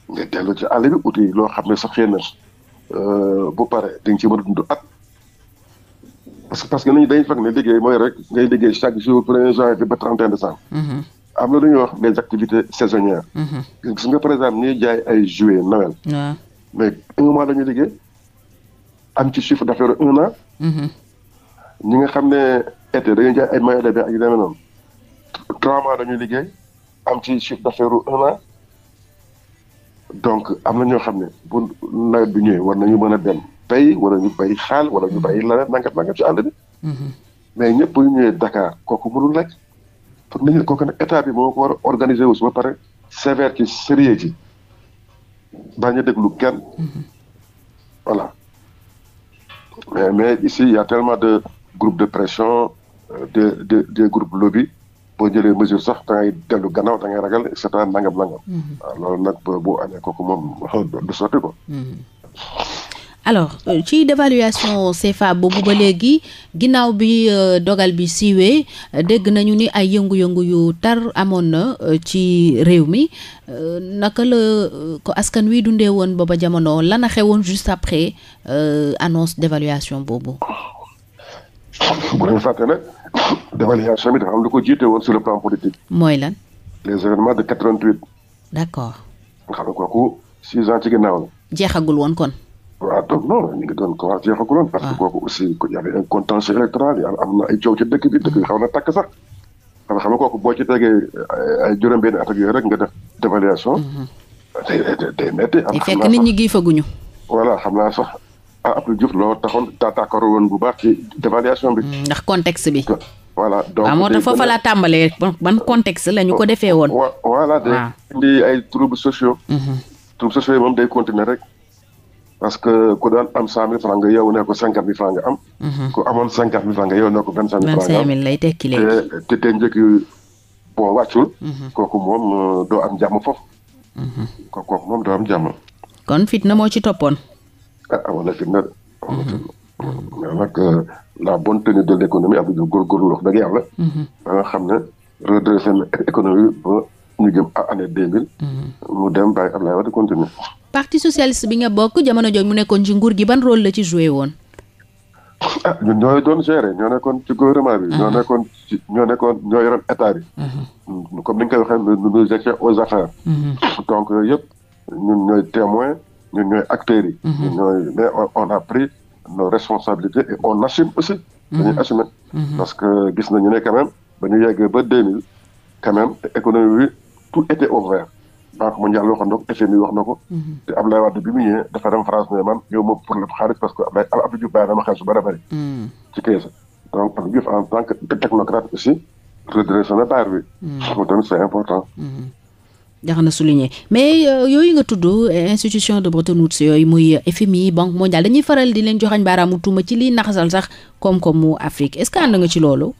nga dellu ci loo xam ne so xëy euh, bu pare di nga ci mën dund at. parce que parce que nit ñi ne liggéey mooy rek ngay liggéey chaque jour premier janvier ba trente et un décembre. Mm-hmm. am na lu ñuy wax les activités saisonnières. Mm-hmm. gis nga par exemple ñuy jaay ay juillet Noël. mais un mois la liggéey am ci chiffre d'affaires un mm-hmm. nga xam ne été dañuy jaay ay un an. donc am na ñoo xam ne bu nawet bi ñëwee war nañu mën a dem bay wala ñu bay xaal wala ñu bay leneen nangam nangam ci àll bi. Mhm. mais ñëpp bu ñëwee Dakar kooku mënul nekk pour nañu kooku nag état bi moo ko war a organiser wu su pare sévère ci sérieux ci bañ déglu ken mhm. voilà mais mais ici il y a tellement de groupes de pression euh, de de des groupes boo jëlee mesure sax da ngay dellu gannaaw da ngay ragal et cetera nangam nangam. Mhm. waaw loolu nag bu mhm. euh, ci dévaluation CFA boobu ba léegi ginnaaw bi euh, dogal bi siiwee dégg nañu ni ay yëngu-yëngu yu tar amoon na euh, ci réew mi naka la ko askan wi dundee woon booba jamono lan a xewoon juste après annonce dévaluation boobu. dévaluation bi dafa am lu ko jiite woon sur le plan politique. mooy lan. les événements de 88. d' accord. nga xam ne kooku six ans ci ginnaaw la. jeexagul woon kon. waaw donc non ñu doon ko wax jeexagul woon. parce que ah. kooku aussi y avait un contentieux électoral yàlla am na ay coow ci dëkk bi dëkk bi xaw na takk sax. xam nga kooku boo ci tegee euh, ay juróom-benn yooyu rek nga def dévaluation. Mm-hmm. day day fekk nit ñi giifaguñu. voilà xam naa sax Ah, Abdou Diouf loolu taxoon taataakaaru woon bu baax ci dévaluation bi. Mm, ndax contexte bi. voilà donc ah, moo tax la tàmbalee ban contexte la ko defee woon. voilà day ah. indi ay troubles sociaux. Mm-hmm. troubles sociaux yi moom day continuer rek. parce que ku daan am cent mille franc nga yow ne ko cinquante mille franc nga am. Mm-hmm. ku amoon cinquante mille franc nga yow ne ko vingt cinq mille. franc nga am vingt cinq mille lay tekki léegi. te te njëkk boo wàccul. Mm-hmm. kooku moom euh, doo am jàmm foofu. kooku moom doo am jàmm. kon fitna a amoon na fitna a mhm. mais euh, la bonne tenue de l' économie ak góorgóorlu wax dëgg yàlla. Mhm. ba nga xam ne redressé na économie ba ñu a à année deux mille. Mhm. mu dem bàyyi Ablaye Wade continuer. parti socialiste bi nga bokk jamono jooju mu nekkoon ci nguur gi ban rôle la ci joué woon. ah ñun doon gérer ñoo nekkoon ci gouvernement bi. ñoo nekkoon ci ñoo état bi. comme ni nga koy waxee nous nous aux affaires. donc yëpp ñooy témoin ñun ñooy acteurs yi. Mhm. ñooy mais on a pris nos responsabilités et on assume aussi. Mhm. dañuy assumer. Mhm. parce que gis nañu ne quand même ba ñu yeggee ba deux mille économie bi tout était au vert banque mondiale waxoon na ko FMI wax na ko. te Abdoulaye Wade bi mu ñëwee dafa dem France ne man yow pour le xaalis parce que Abdoulaye Abdou Diouf bàyyi na ma xel su bëri bëri. ci kees donc Abdou Diouf en tant technocrate aussi redressé na baar bi. loolu tamit c'est important. jar na souligner mais euh, yooyu nga tudd euh, institution de Bretton Woods yooyu muy euh, FMI Banque mondiale dañuy faral di leen joxañ baaraamu tuuma ci liy naxasal sax koom-koomu Afrique est-ce que ànd nga ci loolu.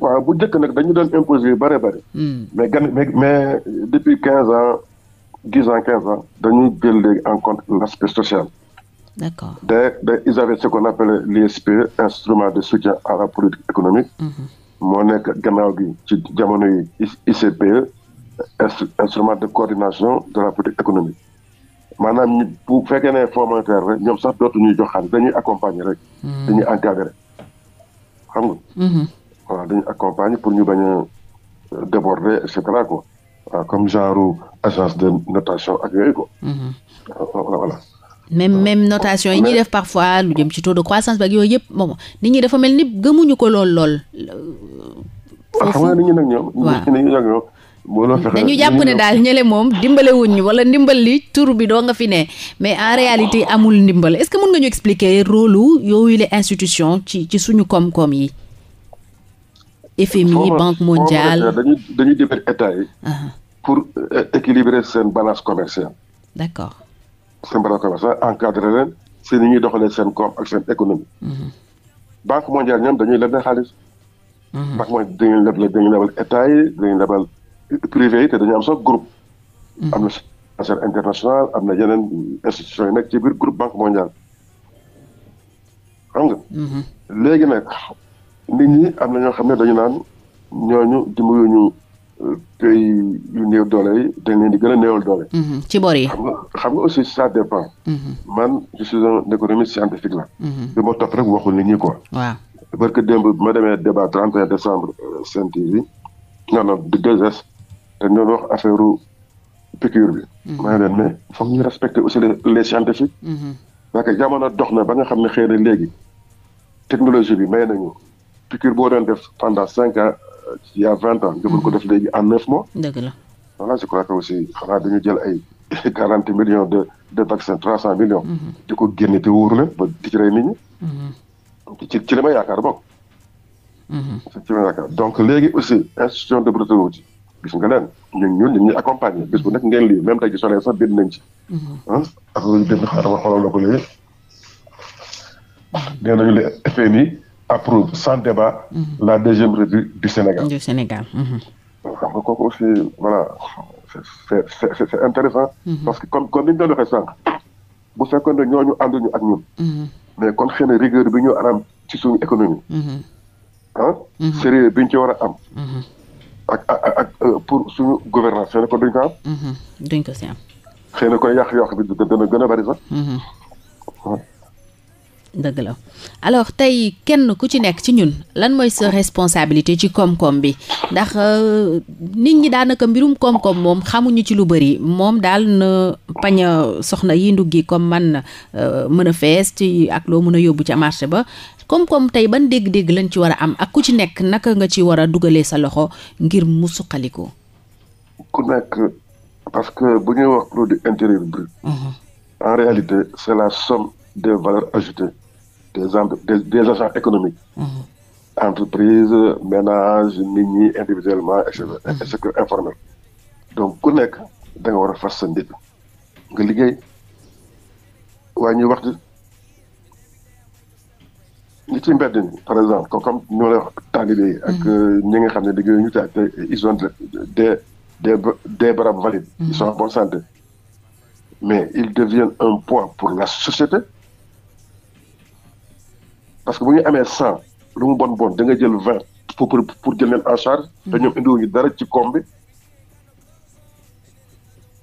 waaw bu njëkk nag dañu doon imposer yu bare bare. Hmm. mais gan mais mais depuis quinze ans dix ans quinze ans dañuy jël léegi en compte l'aspect social. d'accord de de ils avaient ce qu'on appelle l'ISP instrument de soutien à la politique économique. Mhm. moo nekk gannaaw gi ci jamono instrument de coordination de la politique économique maanaam ñu bu fekkee ne fonds monétaire rek ñoom sax dootuñuy jox xaalis dañuy accompagner rek. Hmm. dañuy encadrer xam nga. Hmm. dañuy accompagner pour ñu bañ a euh, déborder et cetera quoi waaw comme genre agence de notation ak yooyu quoi. Hmm. voilà voilà. notation yi ñuy def parfois lu jëm ci taux de croissance ba yooyu yëpp moom nit ñi dafa mel ni gëmuñu ko lool lool. foofu ah, xam nga nit ñi nag ñoom. nit ñi nag ñoom. mënoo fexe dañu jàpp ne daal ñële moom dimbale wuñ wala ndimbal li tur bi doo nga fi ne mais en réalité amul ndimbal est-ce que mën nga ñu expliquer rôle yooyu les institutions ci ci suñu koom-koom yi. FMI banque mondiale dañuy dañuy dimbali état yi. Ah. pour euh, équilibrer seen balance commerciale. d'accord. seen balance commerciale encadrer leen si ni ñuy seen koom ak seen économie. Mm-hmm. banque mondiale ñoom dañuy leb ne xaalis. Mm-hmm. banque mondiale dañuy lebal état yi dañuy lebal. privé yi te dañu am sax groupe. Mhm. am na financière internationale am na yeneen institution yi nekk ci biir groupe banque mondiale xam nga. Mhm. léegi nag nit ñi am na ñoo xam ne dañu naan ñooñu dimbaluñu euh, pays yu néew doole yi dañ leen di gën a néewal doole. Mhm. ci bor yi xam nga xam nga aussi ça dépend. man je suis un scientifique la. bi ma topp rek waxul nit ñi quoi. waaw parce démb ma demee débat 31 décembre euh, Sen TV non non 2 dañ doon wax affaire piqûre bi. Mhm. ma ne leen mais foog ñu respecter aussi les les scientifiques. Mhm. parce que jamono dox na ba nga xam ne xëy na léegi technologie bi may nañu piqûre boo doon def pendant cinq ans il y a vingt ans. nga ko mhm. def léegi en neuf mois. la voilà aussi xanaa dañu jël ay quarante millions de de vaccins trois cent millions. di ko génne te wóor leen ba di ci ci ci li ma yaakaar bokk. ci li ma yaakaar donc léegi aussi institution de protéologie. gis nga leen ñun ñun ñu ñuy accompagner bis bu nekk ngeen lii même tey ci soleil sax bind nañ ci. Mhm. ah ak dégg nga xaaral ma xoolal ko léegi nee nañu le FMI approuve sans débat. Mhm. la deuxième revue du Sénégal. du Sénégal. Mhm. xam nga kooku aussi voilà c'est c'est c'est, c'est intéressant parce que comme comme ni ñu doon waxee ne ñooñu ànduñu ak ñun. mais kon xëy na bi ñu anam ci suñu économie. Ah, sérieux bi ñu a am. ak Euh, pour suñu gouvernance xëy na kon duñ ko am. Mhm. duñ ko si am. xëy na kon yàq-yàq bi dana gën a dëgg la alors tey kenn ku ci nekk ci ñun lan mooy sa responsabilité ci koom-koom bi ndax euh, nit ñi daanaka mbirum koom-koom moom xamuñu ci lu bëri moom daal na pañ soxna yi nduggi comme man euh, mën a fees ci ak loo mën a yóbbu ca marché ba koom-koom tey ban dégg-dégg lañ ci war a am ak ku ci nekk naka nga ci war a dugalee sa loxo ngir mu suqaliku. ku nekk parce que bu ñuy wax produit intérieur brut. Mhm. en réalité c'est la somme des valeurs ajoutées. des, des, des agents économiques. Mmh. entreprise ménage nit ñi individuellement et cetera mm-hmm. et secteur informel. donc ku nekk da war a fas sa nit nga liggéey waaye ñuy wax di ñi ci mbedd par exemple comme comme ñu ak mm-hmm. euh, ñi nga xam ne liggéey ñu te ils des des des bras valides. ils mm-hmm. santé mais ils deviennent un poids pour la société. parce que bu ñu amee cent lu mu bon bon da nga jël vingt pour pour jël leen en charge. Mm-hmm. te ñoom indiwuñu dara ci koom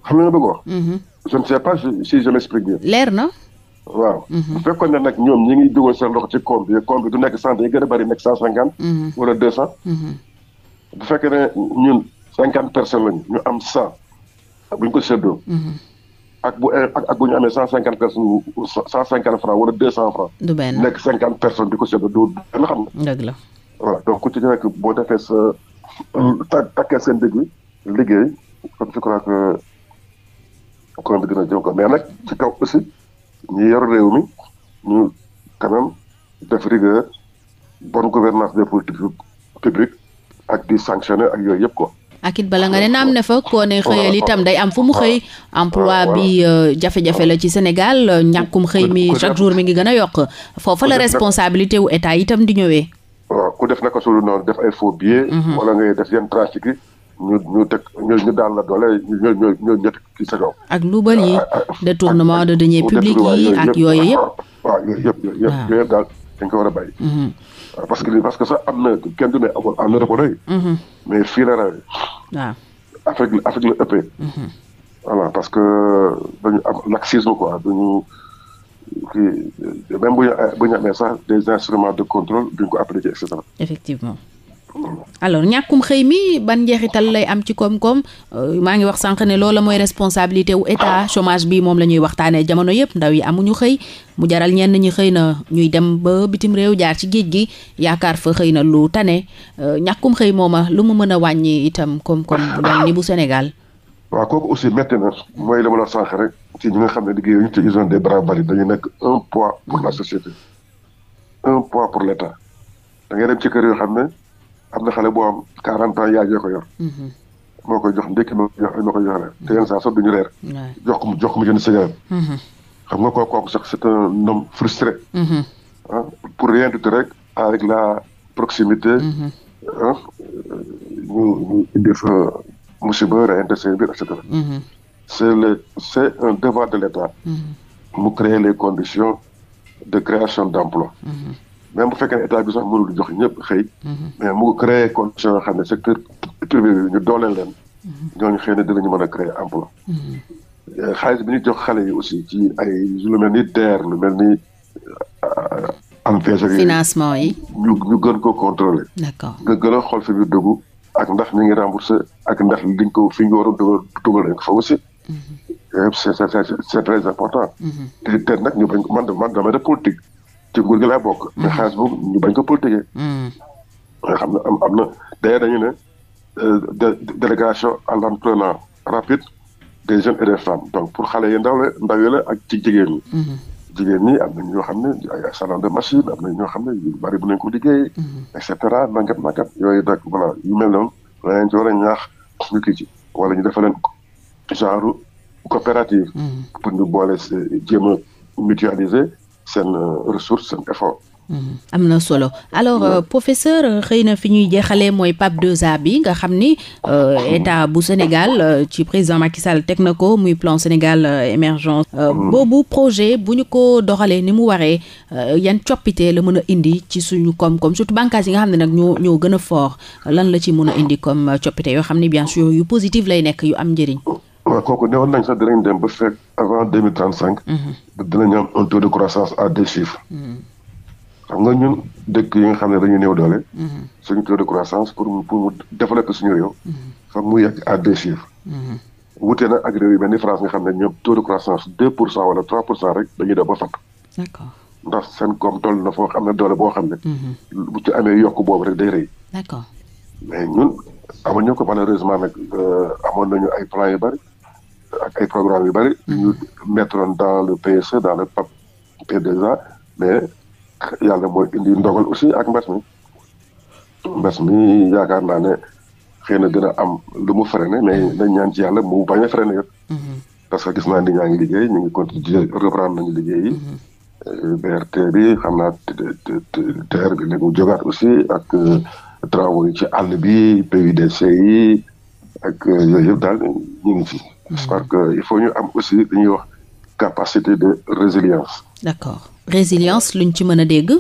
xam nga bëgg wax. Mm-hmm. je ne sais pas si je m'explique bien. leer na. waaw mm-hmm. bu fekkoon nag ñoom ñi ngi dugal seen loxo ci koom bi du nekk cent day gën a bëri nekk cent cinquante. wala deux cent. bu fekkee ne ñun cinquante personnes lañu ñu am cent bu ñu ko séddoo. ak bu eh, ak ak bu ñu amee cent cinquante personnes cent cinquante francs wala deux cent francs. du benn nekk cinquante personnes di ko seetlu doo doo xam. dëgg la voilà donc ku ci nekk boo defee sa takkee seen dëgg liggéey comme je crois que ko mais nag ci kaw aussi ñu yor réew mi ñu quand def rigueur bonne gouvernance des politiques publiques ak di sanctionner ak yooyu yëpp ko ak bala nga ne naam ne fa koo ne xëyal itam day am fu mu xëy emploi bi euh, jafe-jafe la ci Sénégal ñàkkum xëy mi chaque jour mi ngi gën a yokk foofa la responsabilité wu état itam di ñëwee ku def naka sulu noonu def ay faux billets mhm. wala ngay def yenn trafic yi ñu ñu teg daal la doole ñu ñu ñu ñu ci sa ak luubal yi ah, ah, ah. détournement de deniers publics yi ak yooyu yëpp. waaw yëpp yëpp daal dañ ko war a bàyyi. Mhm. parce que parce que kenn du ne amoon am mhm. mais fii la rawee. waaw Afrique mhm. parce que laxisme quoi duñu kii même bu ñu bu sax des instruments de contrôle duñ ko appliquer et cetera. alors ñàkkum xëy mi ban njeexital lay am ci koom-koom euh, maa ngi wax sànq ne loola mooy responsabilité wu état chômage bi moom la ñuy waxtaanee jamono yëpp ndaw yi amuñu xëy mu jaral ñenn ñi xëy na ñuy dem ba bitim réew jaar ci géej gi yaakaar fa xëy na lu tane euh, ñàkkum xëy mooma lu mu mën a wàññi itam koom-koom bu ni bu Sénégal. waaw kooku aussi métti na mooy li ma rek ci ñi nga xam ne liggéeyuñu te ils ont des bras bari dañu nekk un poids pour am na xale boo am quarante ans yaay joo ko mhm. moo koy jox ndékki moo koy jox koy jox reer mhm. xam nga kooku kooku sax c'est un homme frustré. Mhm. Ah, pour rien tout rek avec la proximité. Ah, euh, musiba reyante seen biir et c'est le c'est un devoir de l'État. mu créer les conditions de création d'emploi. même bu fekkee ne état bi sax mënul jox ñëpp xëy. Mhm. mais mu créé condition yoo xam ne secteur privé bi ñu dooleel leen. Mhm. ñooñu xëy na dinañu na a créer emploi. Mhm. Euh, xaalis bi ñu jox xale yi aussi ci ay lu mel ni DER lu mel ni euh, ANPEJ. financement yi ñu ñu gën ko contrôler. d'accord nga gën a xool fi biir dugg ak ndax ñu ngi remboursé ak ndax liñ ko fi ñu war a dugal dugal nañ ko fa aussi. c'est c'est c'est très important. te te nag ñu bañ man man damay def politique. ci nguur gi laa bokk. Mm. mais xaalis boobu ñu bañ ko politiquer. Mm. nga xam ne am am na d'ailleurs dañu ne euh, délégation à l'emploi rapide des jeunes et des femmes donc pour xale yi ndaw la ndaw yi la ak ci jigéen mm-hmm. jigéen ñi am na ñoo xam ne ay salon de machine am na ñoo xam ne yu bari bu nañ ko liggéey. Mm-hmm. et cetera nangat nangat yooyu nag voilà yu mel noonu la a ñaax ñu kii wala ñu defal leen genre coopérative. Mm-hmm. pour ñu boole jéem a mutualiser. seen euh, ressource mm-hmm. am na solo alors euh, professeur euh, xëy na fi ñuy jeexalee mooy PAP 2 bi nga xam ni état bu Sénégal ci président Macky Sall teg na ko muy plan Sénégal émergent mm. boobu projet bu ñu ko doxalee ni mu waree yan coppitee la mën a indi ci suñu koom-koom surtout bànqaas yi nga xam ne nag ñoo ñoo gën a fort lan la ci mën a indi comme coppite yoo xam ne bien sûr yu positif lay nekk yu am njëriñ. waa kooku newoon nañ sax dinañ dem ba fekk avant deux mille trente cinq. Mhm. dinañ am un taux de croissance à deux chiffres. Mhm. xam nga ñun dëkk yi nga xam ne dañu néew doole. Mhm. suñu taux de croissance pour pour mu développer suñu réew. foog mu yegg à deux chiffres. wute na ak réew yi mel ni France nga xam ne ñoom taux de croissance deux pour cent wala trois pour cent rek dañuy def ba fakk. d'accord ndax seen koom toll na foo xam ne doole boo xam ne. bu ci amee yokk boobu rek day rëy. d'accord ñu ko malheureusement nag euh, amoon nañu ay plan yu bari. ak ay programme yu bëri ñu mm-hmm. le PSE dans PAP P2A mais yàlla mooy indi ndogal aussi ak mbas mi mm-hmm. mbas mi yaakaar naa ne xëy na dina am lu mu freiné mais mm-hmm. dañ ñaan ci yàlla mu bañ a freiné yëpp parce que gis naa ni ñaa ngi liggéey ñu ngi continuer reprendre nañu euh, BRT bi xam naa TER bi léegi mu jógaat aussi ak euh, travaux yi ci àll bi PUDC yi ak euh, yooyu daal ñu ngi fi parce mm. que il faut ñu am aussi li ñuy wax capacité de résilience. d'accord résilience luñ ci mën a dégg.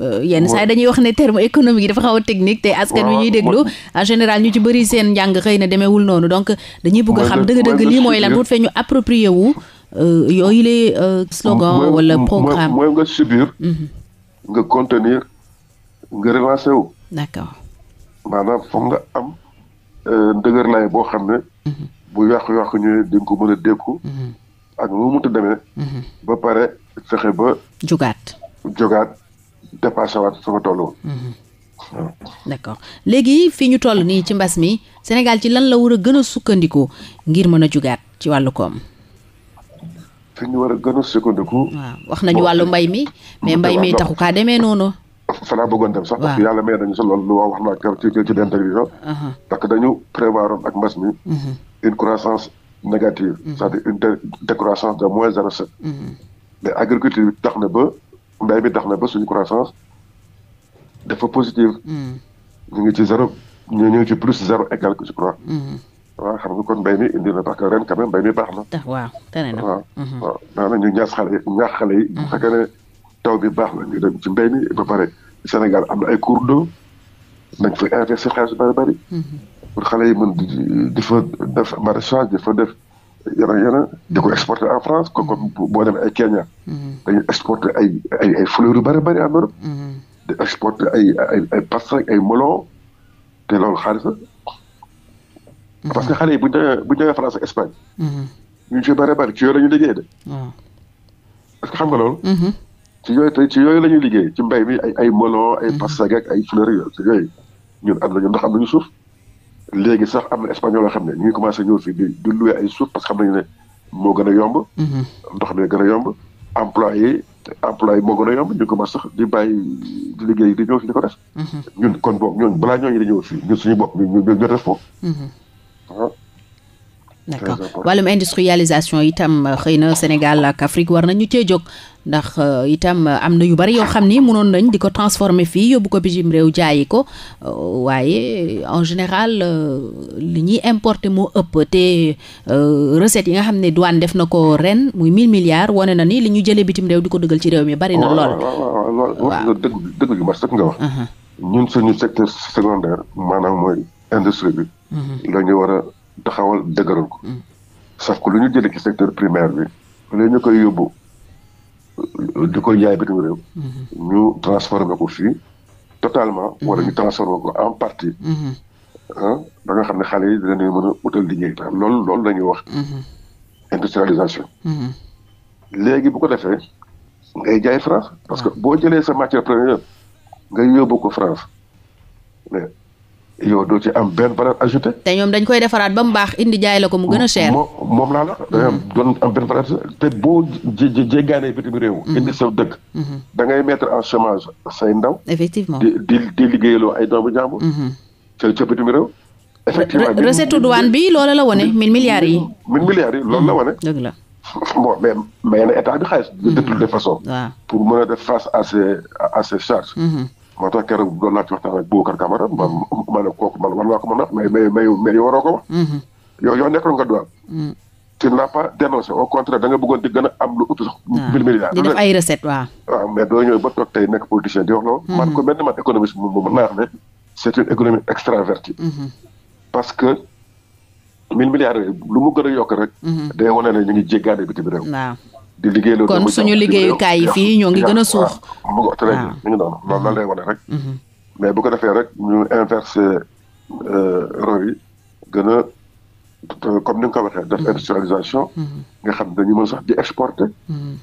Euh, yenn saa dañuy wax ne terme économique yi dafa xaw a technique te askan wi ñuy déglu en général ñu ci bëri seen njàng xëy na demeewul noonu donc dañuy bëgg xam dëgg-dëgg lii mooy lan bu fee ñu approprier wu euh, yooyu les euh, slogan wala programme mooy nga subir mhm. nga contenir nga relancer wu d'accord maanaam foog nga am ndëgërlaay boo xam ne mhm. bu yàqu-yàqu ñëwee di nga ko mën a dékku. Mhm. ak nu mu mënta demee. Mhm. ba pare fexe ba. jogaat jogaat dépassé waat sama tolluwaat. Mhm. d'accord léegi fii ñu toll nii ci mbas mi Sénégal ci lan la war a gën a sukkandiku ngir mën a jógaat ci wàllu koom. fi ñu war a gën a sukkandiku. waaw wax nañu wàllu mbay mi. mais mbay mi taxu kaa demee noonu. fa laa bëggoon dem sax. parce que yàlla may nañu sa loolu lu wax naa ci ci ci interview. Uh-huh. parce que dañu prévoir ak mbas mi. une croissance négative. Mhm. c'est-à-dire décroissance de moins zéro sept. Mhm. mais agriculture bi na ba mbay bi dax na ba suñu croissance dafa positive. Mhm. ñu ngi ci zéro ñu ngi ci plus zéro et quelque je crois. waaw xam kon mbay mi indi na parce que ren quand même mbay mi baax na. waaw tane na waaw waaw daanaka ñu ñaax xale yi ñaax xale yi. bu fekkee ne taw bi baax na ñu dem ci mbay mi ba pare Sénégal am na ay cours d'eau nañ fa investir xaalis yu bëri bëri. pour xale yi mën di fa def maraîchage di fa def yeneen yeneen di ko exporter en France comme comme boo demee ay Kenya. Mhm. dañuy exporter ay ay ay fleurs yu bëri bëri en Europe. Mhm. di exporter ay ay ay pastèques ay melons te loolu xaalis la. Mhm. parce que xale yi bu ñu demee bu ñu demee France ak Espagne. ñu ci bëri bëri ci yooyu la ñuy liggéey de. parce que xam nga loolu. ci yooyu tey ci yooyu la ñuy liggéey ci mbay mi ay ay melons ay pastèques ak ay fleurs yooyu ñun am nañu ndax am nañu suuf. léegi sax am na espagnol yoo xam ne ñu ngi commencé ñëw fii di di loué ay suuf parce que xam nañu ne moo gën a yomb. Mhm. ndox mi gën a yomb. employé employé moo gën a yomb ñu commencé sax di bàyyi di liggéey di ñëw fii di ko def. Mhm. ñun kon boog ñooñu balaa ñooñu di ñëw ñu ñu ñu def foofu. Mhm. Ah. d'accord industrialisation itam euh, Sénégal ak Afrique war nañu cee jóg ndax euh, itam euh, am na yu bari yoo xam ni mënoon nañ di ko transformer fii yóbbu ko bitim réew jaayi ko euh, waaye en général li ñuy importer moo ëpp te recettes yi nga xam ne douane def na ko ren muy 1000 milliards wane na ni li ñu jëlee bitim réew di ko dëggal ci réew mi bari na lool. waaw waaw dëgg dëgg yu bari sax nga wax. Uh-huh. ñun suñu secteur secondaire maanaam mooy industrie bi. Uh-huh. la ñu war a taxawal dëgëral ko. Uh-huh. sauf que lu ñu jëlee ci secteur primaire bi. la ñu koy yóbbu. di koy jaay bitim réew. Mm-hmm. ñu transformé ko fii totalement. Mm-hmm. wala ñu transformé ko en partie. Mm-hmm. ah nga xam ne xale yi dinañu mën a di liggéey tam lool loolu la ñuy wax. industrialisation. léegi bu ko defee ngay jaay France parce que ah. boo jëlee sa matière première ngay yóbbu France yow doo ci am benn valeur ajoutée. te ñoom dañ koy defaraat ba mu baax indi jaay la ko mu gën a cher. moom moom laa la. Mm-hmm. doon am mm-hmm. mm-hmm. da ngay mettre en chômage say ndaw. effectivement di di di liggéeyaloo ay doomu jàmbur. ca ca bitim réew. effectivement recette douane bi loola la wane mille milliards yi. mille milliards yi loolu la wane. dëgg la. bon mais mais na état bi xaalis. de toutes les façons. waaw pour mën a def face à ces à moo tax keroog doon naa ci waxtaan ak Boubacar Camara ma mm-hmm. ma ne kooku man war a waroo ko wax. Mm-hmm. yow nekk nga doon. Mm-hmm. tu n'as pas dénoncé au contraire da nga bëggoon a am lu ëpp sax. Ah. mille milliards di def ay recettes waaw. mais doo ñëw ba toog tey nekk politicien di wax loolu. man ko mel ni man économiste bi moom mën naa wax ne c'est une économie extravertie. parce que mille milliards lu mu gën a yokk rek. day wane ne ngi jéggaane bitim réew. waaw. di liggéeyloo kon suñu liggéeyukaay fii ñoo ngi gën a suux waaw très bien mi ah. lay wane rek mhm. mais bu ko defee rek ñu inverser euh, rôle yi gën a comme ni nga ko waxee def mhm. industrialisation mhm. nga xam dañu mën sax di exporter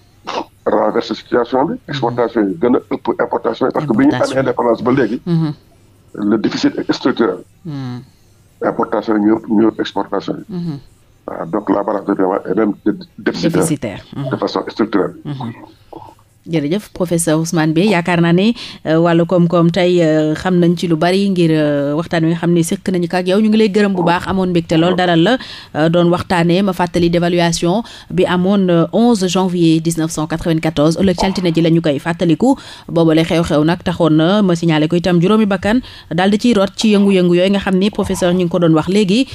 renverser situation bi exportation yi gën a ëpp importation yi parce que bi ñu amee indépendance ba léegi le déficit est structurel importation yi ñu ñëw exportation yi Euh, donc la balance de paiement est même déficitaire mmh. de façon structurelle. Mmh. jëf professeur Ousmane Beye yaakaar naa ne euh, wàllu koom-koom tey euh, xam nañ ci lu bari ngir euh, waxtaan wi nga xam ne sëkk nañu ko ak yow ñu ngi lay gërëm bu baax amoon mbégte lool dalal la doon waxtaanee ma fàttali dévaluation bi amoon 11 janvier 1994 ëllëg caltina ji la ñu koy fàttaliku boobale xew-xew nag taxoon na ma signalé ko itam juróomi bakkan daal di ciy root ci yëngu-yëngu yooyu nga xam ni professeur ñu ngi ko doon wax léegi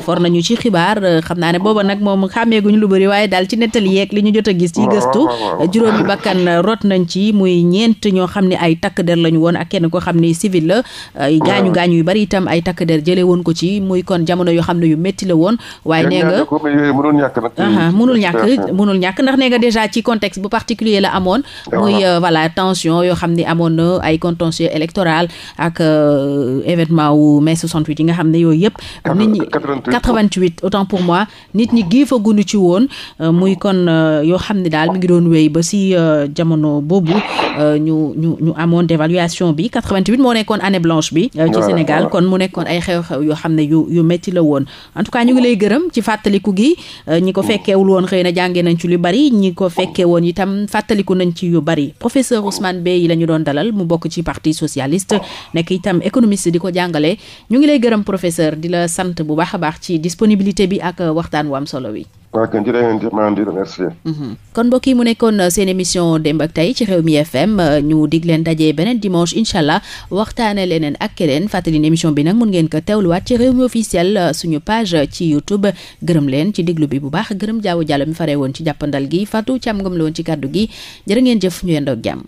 for nañu ci xibaar xam naa ne booba nag moom xàmmeeguñu lu bari waaye daal ci nettali yeeg li ñu jot gis bakkan rot nañ ci muy ñeent ñoo xam ne ay takk der lañu woon ak kenn koo xam ne civil la ay gaañu gaañu yu bari itam ay takk der jëlee woon ko ci muy kon jamono yoo xam ne yu métti la woon waaye nee nga mënul ñàkk nag mënul ñàkk ci contexte bu particulier la amoon muy euh, voilà yoo xam ne amoon na ay contentieux électoral ak euh, événement wu mai 68 yi nga xam yooyu yëpp nit ñi 88 autant pour moi nit ci woon euh, daal mi ngi doon wéy ba si jamono boobu euh, ñu ñu ñu amoon dévaluation bi 88 moo nekkoon année blanche bi. Euh, ci Sénégal kon mu nekkoon ay xew-xew yoo xam ne yu yu métti la woon. en tout cas ñu ngi lay gërëm ci fàttaliku gi euh, ñi ko fekkeewul woon xëy na jàngee nañ ci lu bari ñi ko fekkee woon itam fàttaliku nañ ci yu bari professeur Ousmane Beye la ñu doon dalal mu bokk ci parti socialiste nekk itam économiste di ko jàngale ñu ngi lay gërëm professeur di la sant bu baax a baax ci disponibilité bi ak waxtaan wu am solo wi. ok jërëjëf mhm. kon mbokk yi mu nekkoon euh, seen émission démb ak tey ci réew mi FM euh, ñu dig leen daje beneen dimanche incha allah waxtaanee leneen ak keneen fàttali émission bi nag mun ngeen ko teewluwaat ci réew mi officiel euh, suñu page ci YouTube gërëm leen ci diglu bi bu baax gërëm jaawu jàll mi woon ci jàppandal gi Fatou Thiam Ngom la woon ci kàddu gi jërë ngeen jëf ñu yendoog jàmm.